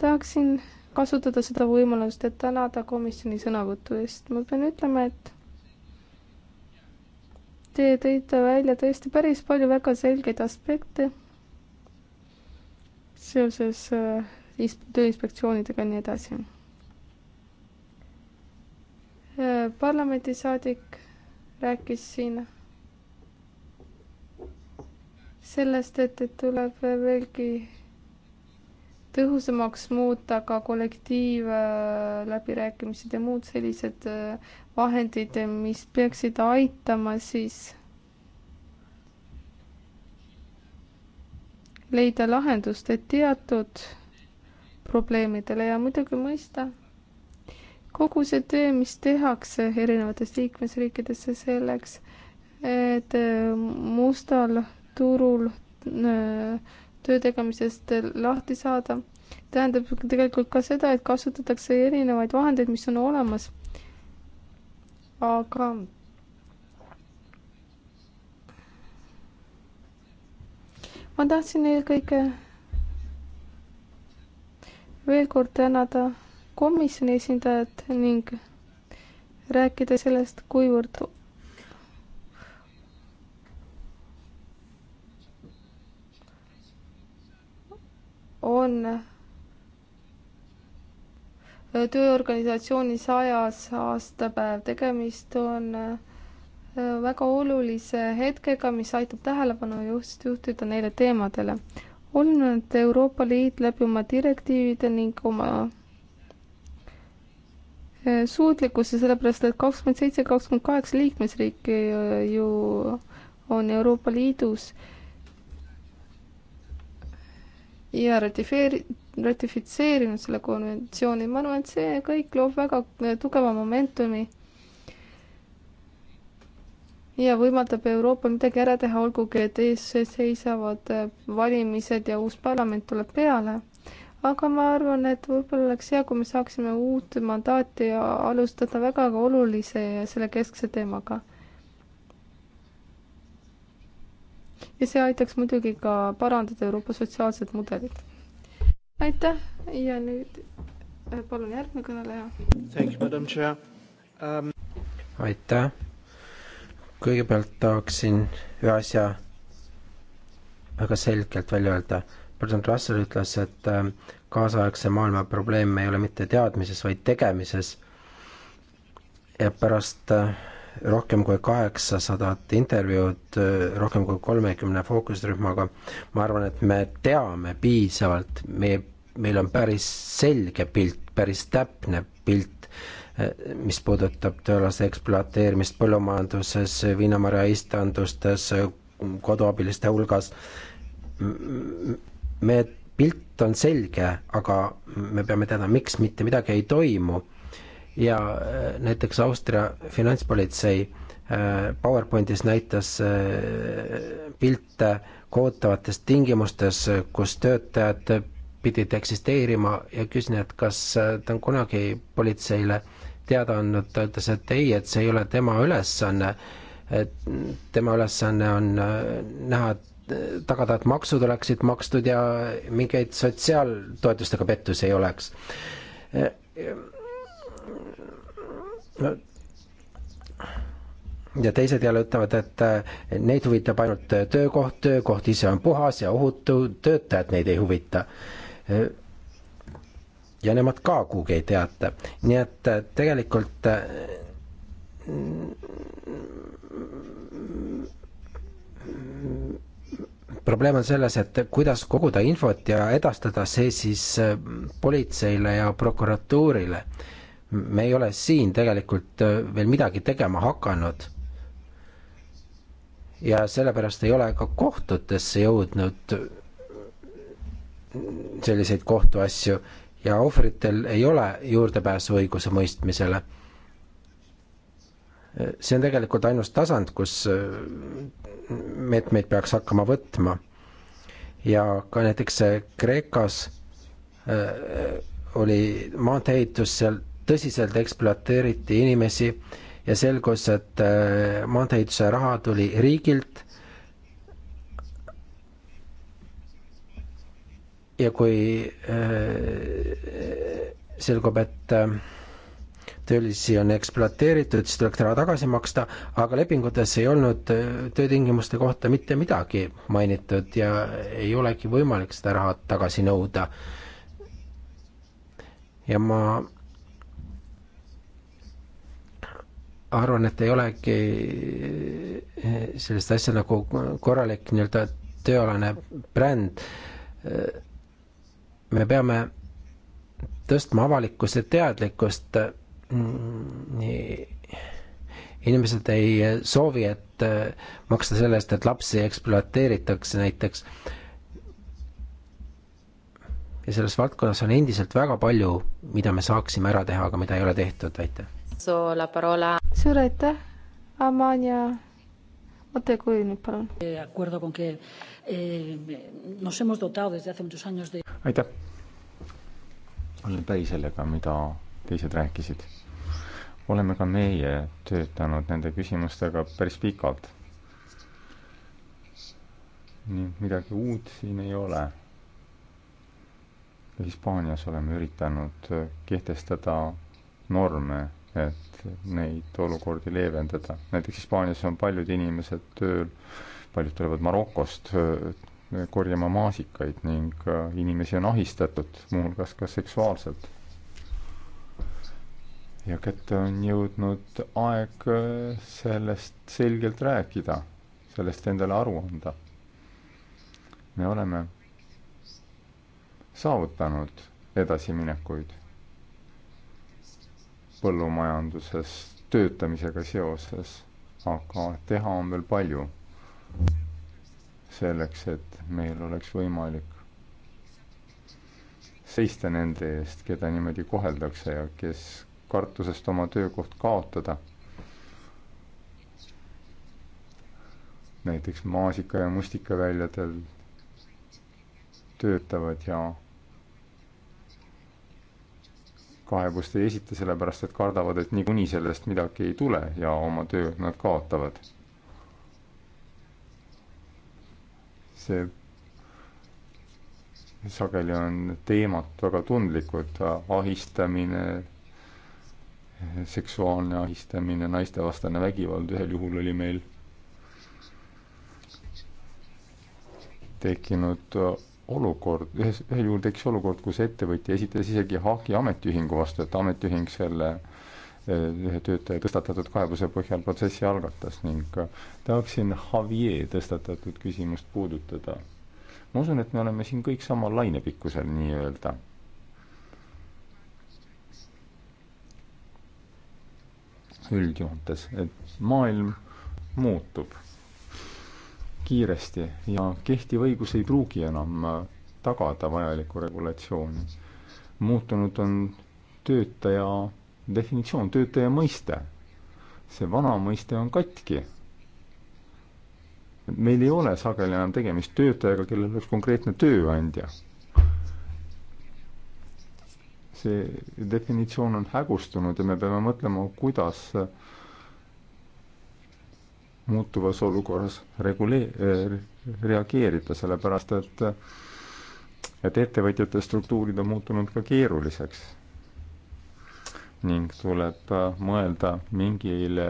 tahaksin kasutada seda võimalust, et tänada komisjoni sõnavõtu eest. ma pean ütlema, et te tõite välja tõesti päris palju väga selgeid aspekte seoses äh, tööinspektsioonidega ja nii edasi. Äh, parlamendisaadik rääkis siin sellest, et, et tuleb veelgi tõhusamaks muuta ka kollektiivläbirääkimised ja muud sellised äh, vahendid, mis peaksid aitama siis leida lahendust teatud probleemidele ja muidugi mõista kogu see töö, mis tehakse erinevates liikmesriikides selleks, et äh, mustal turul äh, töö tegemisest lahti saada, tähendab tegelikult ka seda, et kasutatakse erinevaid vahendeid, mis on olemas. aga ma tahtsin eelkõige veel kord tänada komisjoni esindajat ning rääkida sellest, kuivõrd on tööorganisatsiooni sajas aastapäev, tegemist on äh, väga olulise hetkega, mis aitab tähelepanu just juhtida neile teemadele. oluline, et Euroopa Liit läbi oma direktiivide ning oma suutlikkusse, sellepärast et kakskümmend seitse, kakskümmend kaheksa liikmesriiki äh, ju on Euroopa Liidus ja ratifeeri-, ratifitseerinud selle konventsiooni, ma arvan, et see kõik loob väga äh, tugeva momentumi ja võimaldab Euroopa midagi ära teha, olgugi et ees seisavad äh, valimised ja uus parlament tuleb peale aga ma arvan, et võib-olla oleks hea, kui me saaksime uut mandaati alustada väga olulise ja selle keskse teemaga. ja see aitaks muidugi ka parandada Euroopa sotsiaalset mudelit. aitäh ja nüüd äh, palun järgmine kõneleja. Um... aitäh. kõigepealt tahaksin ühe asja väga selgelt välja öelda president Russell ütles, et äh, kaasaegse maailma probleem ei ole mitte teadmises, vaid tegemises. ja pärast äh, rohkem kui kaheksasadat intervjuud äh, rohkem kui kolmekümne fookusrühmaga, ma arvan, et me teame piisavalt, meie, meil on päris selge pilt, päris täpne pilt, mis puudutab tööalase ekspluateerimist põllumajanduses, viinamarja istandustes, koduabiliste hulgas, me, pilt on selge, aga me peame teadma, miks mitte midagi ei toimu. ja äh, näiteks Austria finantspolitsei äh, PowerPointis näitas äh, pilte kohutavates tingimustes, kus töötajad pidid eksisteerima ja küsin, et kas ta on kunagi politseile teada andnud, ta ütles, et ei, et see ei ole tema ülesanne, et tema ülesanne on näha, et tagada, et maksud oleksid makstud ja mingeid sotsiaaltoetustega pettusi ei oleks. ja teised jälle ütlevad, et eh, neid huvitab ainult töökoht, töökoht ise on puhas ja ohutu, töötajad neid ei huvita. ja nemad ka kuhugi ei teata, nii et eh, tegelikult eh, probleem on selles, et kuidas koguda infot ja edastada see siis äh, politseile ja prokuratuurile. me ei ole siin tegelikult äh, veel midagi tegema hakanud. ja sellepärast ei ole ka kohtutesse jõudnud äh, selliseid kohtuasju ja ohvritel ei ole juurdepääsu õigusemõistmisele. see on tegelikult ainus tasand, kus meetmeid peaks hakkama võtma. ja ka näiteks Kreekas äh, oli maantee-ehitus, seal tõsiselt ekspluateeriti inimesi ja selgus, et äh, maantee-ehituse raha tuli riigilt. ja kui äh, selgub, et töölisi on ekspluateeritud, siis tuleks raha tagasi maksta, aga lepingutes ei olnud äh, töötingimuste kohta mitte midagi mainitud ja ei olegi võimalik seda raha tagasi nõuda. ja ma arvan, et ei olegi äh, sellist asja nagu korralik nii-öelda tööalane bränd. Äh, me peame tõstma avalikkuse teadlikkust inimesed ei eh, soovi, et eh, maksta selle eest, et lapsi ekspluateeritakse näiteks. ja selles valdkonnas on endiselt väga palju, mida me saaksime ära teha, aga mida ei ole tehtud, aitäh. suur aitäh, Amania. Ote Kui nüüd palun. Eh, aitäh. olen päri sellega, mida teised rääkisid. oleme ka meie töötanud nende küsimustega päris pikalt. nii, midagi uut siin ei ole. Hispaanias oleme üritanud kehtestada norme, et neid olukordi leevendada. näiteks Hispaanias on paljud inimesed tööl, paljud tulevad Marokost korjama maasikaid ning inimesi on ahistatud, muuhulgas ka seksuaalselt ja kätte on jõudnud aeg sellest selgelt rääkida, sellest endale aru anda. me oleme saavutanud edasiminekuid põllumajanduses töötamisega seoses, aga teha on veel palju selleks, et meil oleks võimalik seista nende eest, keda niimoodi koheldakse ja kes kartusest oma töökoht kaotada. näiteks maasika- ja mustikaväljadel töötavad ja kaebust ei esita, sellepärast et kardavad, et niikuinii sellest midagi ei tule ja oma töö nad kaotavad. see sageli on teemad väga tundlikud, ahistamine, seksuaalne ahistamine, naistevastane vägivald, ühel juhul oli meil tekkinud äh, olukord, ühes, ühel juhul tekkis olukord, kus ettevõtja esitas isegi hagi ametiühingu vastu, et ametiühing selle äh, ühe töötaja tõstatatud kaebuse põhjal protsessi algatas ning äh, tahaksin Javier tõstatatud küsimust puudutada. ma usun, et me oleme siin kõik samal lainepikkusel nii-öelda üldjoontes, et maailm muutub kiiresti ja kehtiv õigus ei pruugi enam äh, tagada vajalikku regulatsiooni. muutunud on töötaja definitsioon, töötaja mõiste. see vana mõiste on katki. meil ei ole sageli enam tegemist töötajaga, kellel oleks konkreetne tööandja see definitsioon on hägustunud ja me peame mõtlema, kuidas muutuvas olukorras regulee-, eh, reageerida, sellepärast et et ettevõtjate struktuurid on muutunud ka keeruliseks. ning tuleb äh, mõelda mingile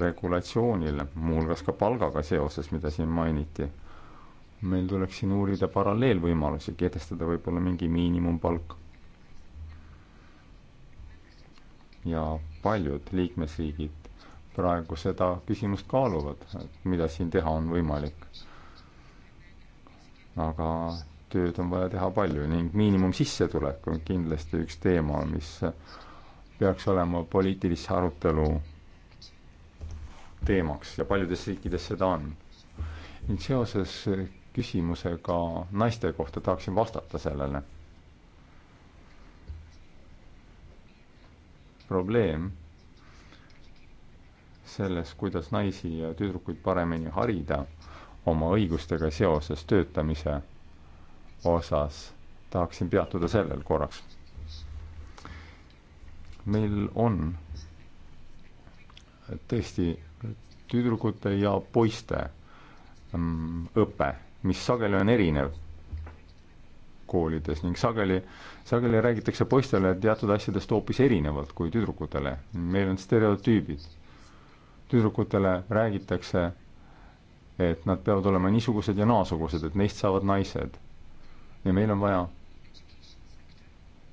regulatsioonile, muuhulgas ka palgaga seoses, mida siin mainiti. meil tuleks siin uurida paralleelvõimalusi, kehtestada võib-olla mingi miinimumpalk ja paljud liikmesriigid praegu seda küsimust kaaluvad, et mida siin teha on võimalik. aga tööd on vaja teha palju ning miinimumsissetulek on kindlasti üks teema, mis peaks olema poliitilise arutelu teemaks ja paljudes riikides seda on. ning seoses küsimusega naiste kohta tahaksin vastata sellele probleem selles, kuidas naisi ja tüdrukuid paremini harida oma õigustega seoses töötamise osas, tahaksin peatuda sellel korraks. meil on tõesti tüdrukute ja poiste mm, õpe, mis sageli on erinev koolides ning sageli, sageli räägitakse poistele teatud asjadest hoopis erinevalt kui tüdrukutele. meil on stereotüübid. tüdrukutele räägitakse, et nad peavad olema niisugused ja naasugused, et neist saavad naised. ja meil on vaja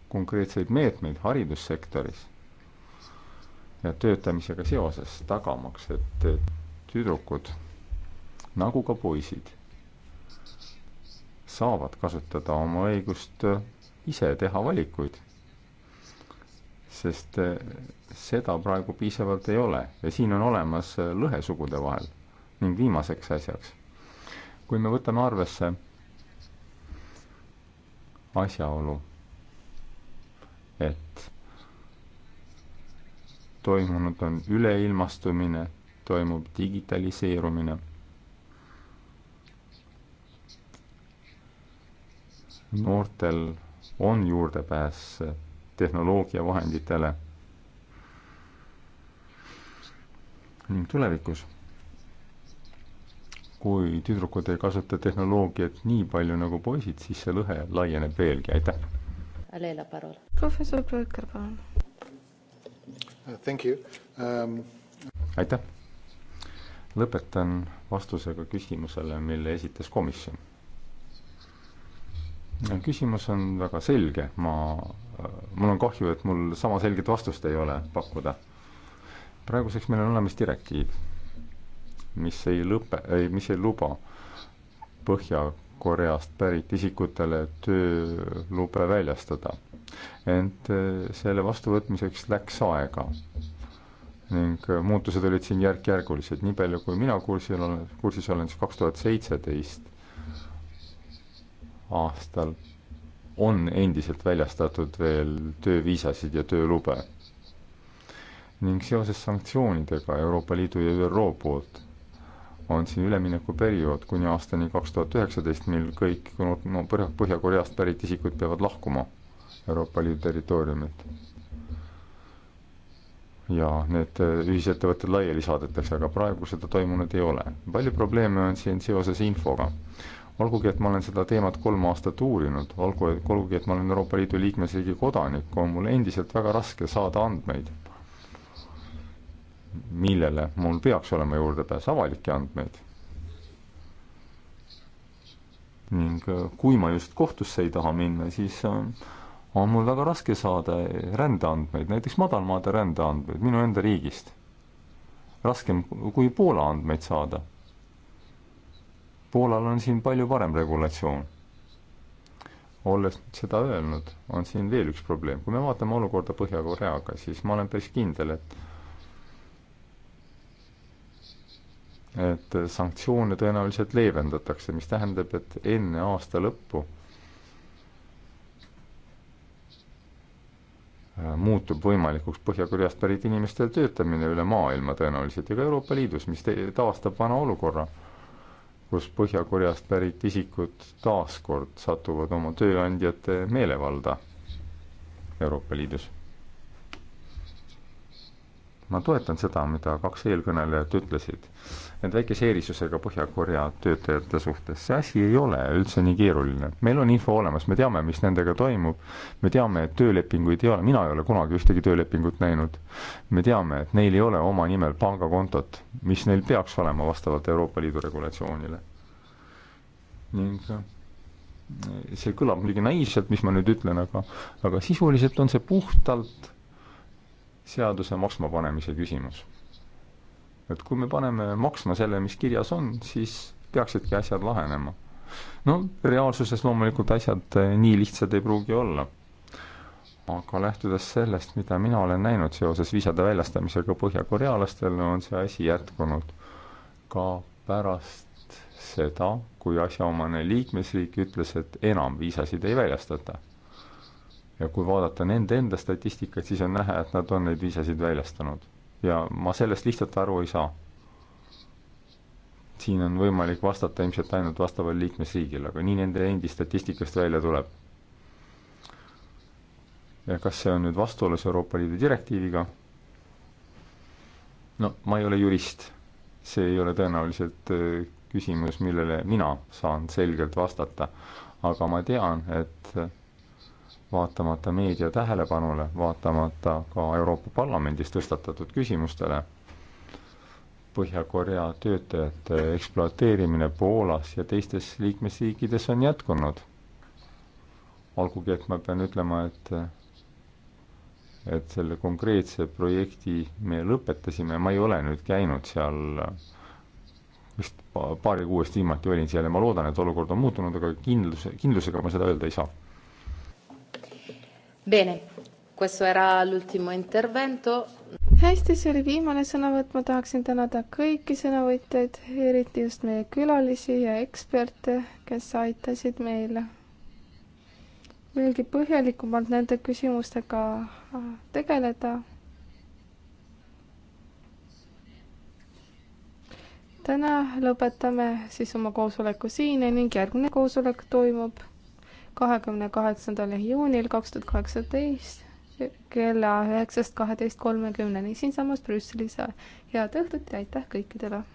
konkreetseid meetmeid haridussektoris ja töötamisega seoses, tagamaks, et tüdrukud nagu ka poisid saavad kasutada oma õigust äh, ise teha valikuid. sest äh, seda praegu piisavalt ei ole ja siin on olemas äh, lõhe sugude vahel. ning viimaseks asjaks, kui me võtame arvesse asjaolu, et toimunud on üleilmastumine, toimub digitaliseerumine noortel on juurdepääs tehnoloogiavahenditele ning tulevikus, kui tüdrukud ei kasuta tehnoloogiat nii palju nagu poisid, siis see lõhe laieneb veelgi, aitäh. professor Brücker, palun. Uh, thank you um.... aitäh. lõpetan vastusega küsimusele, mille esitas komisjon küsimus on väga selge, ma, äh, mul on kahju, et mul sama selget vastust ei ole pakkuda. praeguseks meil on olemas direktiiv, mis ei lõpe, ei, mis ei luba Põhja-Koreast pärit isikutele töölube väljastada. ent äh, selle vastuvõtmiseks läks aega ning äh, muutused olid siin järk-järgulised, nii palju kui mina kursil olen, kursis olen, siis kaks tuhat seitseteist aastal on endiselt väljastatud veel tööviisasid ja töölube. ning seoses sanktsioonidega Euroopa Liidu ja ÜRO poolt on siin üleminekuperiood kuni aastani kaks tuhat üheksateist, mil kõik no, Põhja-Koreast pärit isikud peavad lahkuma Euroopa Liidu territooriumilt. ja need äh, ühisettevõtted laiali saadetakse, aga praegu seda toimunud ei ole. palju probleeme on siin seoses infoga olgugi, et ma olen seda teemat kolm aastat uurinud, olgu, olgugi, et ma olen Euroopa Liidu liikmesriigi kodanik, on mul endiselt väga raske saada andmeid, millele mul peaks olema juurdepääs, avalikke andmeid. ning äh, kui ma just kohtusse ei taha minna, siis on, äh, on mul väga raske saada rändeandmeid, näiteks madalmaade rändeandmeid minu enda riigist. raskem kui Poola andmeid saada Poolal on siin palju parem regulatsioon. olles seda öelnud, on siin veel üks probleem. kui me vaatame olukorda Põhja-Koreaga, siis ma olen päris kindel, et et sanktsioone tõenäoliselt leevendatakse, mis tähendab, et enne aasta lõppu äh, muutub võimalikuks Põhja-Koreast pärit inimestel töötamine üle maailma tõenäoliselt ja ka Euroopa Liidus, mis taastab vana olukorra kus Põhja-Koreast pärit isikud taaskord satuvad oma tööandjate meelevalda Euroopa Liidus. ma toetan seda, mida kaks eelkõnelejat ütlesid need väikese erisusega Põhja-Korea töötajate suhtes. see asi ei ole üldse nii keeruline. meil on info olemas, me teame, mis nendega toimub, me teame, et töölepinguid ei ole, mina ei ole kunagi ühtegi töölepingut näinud. me teame, et neil ei ole oma nimel pangakontot, mis neil peaks olema vastavalt Euroopa Liidu regulatsioonile. ning eh, see kõlab muidugi naiivselt, mis ma nüüd ütlen, aga, aga sisuliselt on see puhtalt seaduse maksma panemise küsimus et kui me paneme maksma selle, mis kirjas on, siis peaksidki asjad lahenema. no reaalsuses loomulikult asjad eh, nii lihtsad ei pruugi olla. aga lähtudes sellest, mida mina olen näinud seoses viisade väljastamisega põhjakorealastele, on see asi jätkunud ka pärast seda, kui asjaomane liikmesriik ütles, et enam viisasid ei väljastata. ja kui vaadata nende enda statistikat, siis on näha, et nad on neid viisasid väljastanud ja ma sellest lihtsalt aru ei saa. siin on võimalik vastata ilmselt ainult vastaval liikmesriigil, aga nii nende endi statistikast välja tuleb. ja kas see on nüüd vastuolus Euroopa Liidu direktiiviga? no ma ei ole jurist, see ei ole tõenäoliselt äh, küsimus, millele mina saan selgelt vastata, aga ma tean, et vaatamata meedia tähelepanule, vaatamata ka Euroopa Parlamendis tõstatatud küsimustele, Põhja-Korea töötajate ekspluateerimine Poolas ja teistes liikmesriikides on jätkunud. olgugi, et ma pean ütlema, et et selle konkreetse projekti me lõpetasime, ma ei ole nüüd käinud seal vist paari kuu eest viimati olin seal ja ma loodan, et olukord on muutunud, aga kindluse, kindlusega ma seda öelda ei saa Bene, questo era l'ultimo intervento. hästi, see oli viimane sõnavõtt, ma tahaksin tänada kõiki sõnavõtjaid, eriti just meie külalisi ja eksperte, kes aitasid meil veelgi põhjalikumalt nende küsimustega tegeleda täna lõpetame siis oma koosoleku siin ning järgmine koosolek toimub kahekümne kaheksandal juunil kaks tuhat kaheksateist kella üheksast kaheteist kolmekümneni siinsamas Brüsselis. head õhtut ja aitäh kõikidele!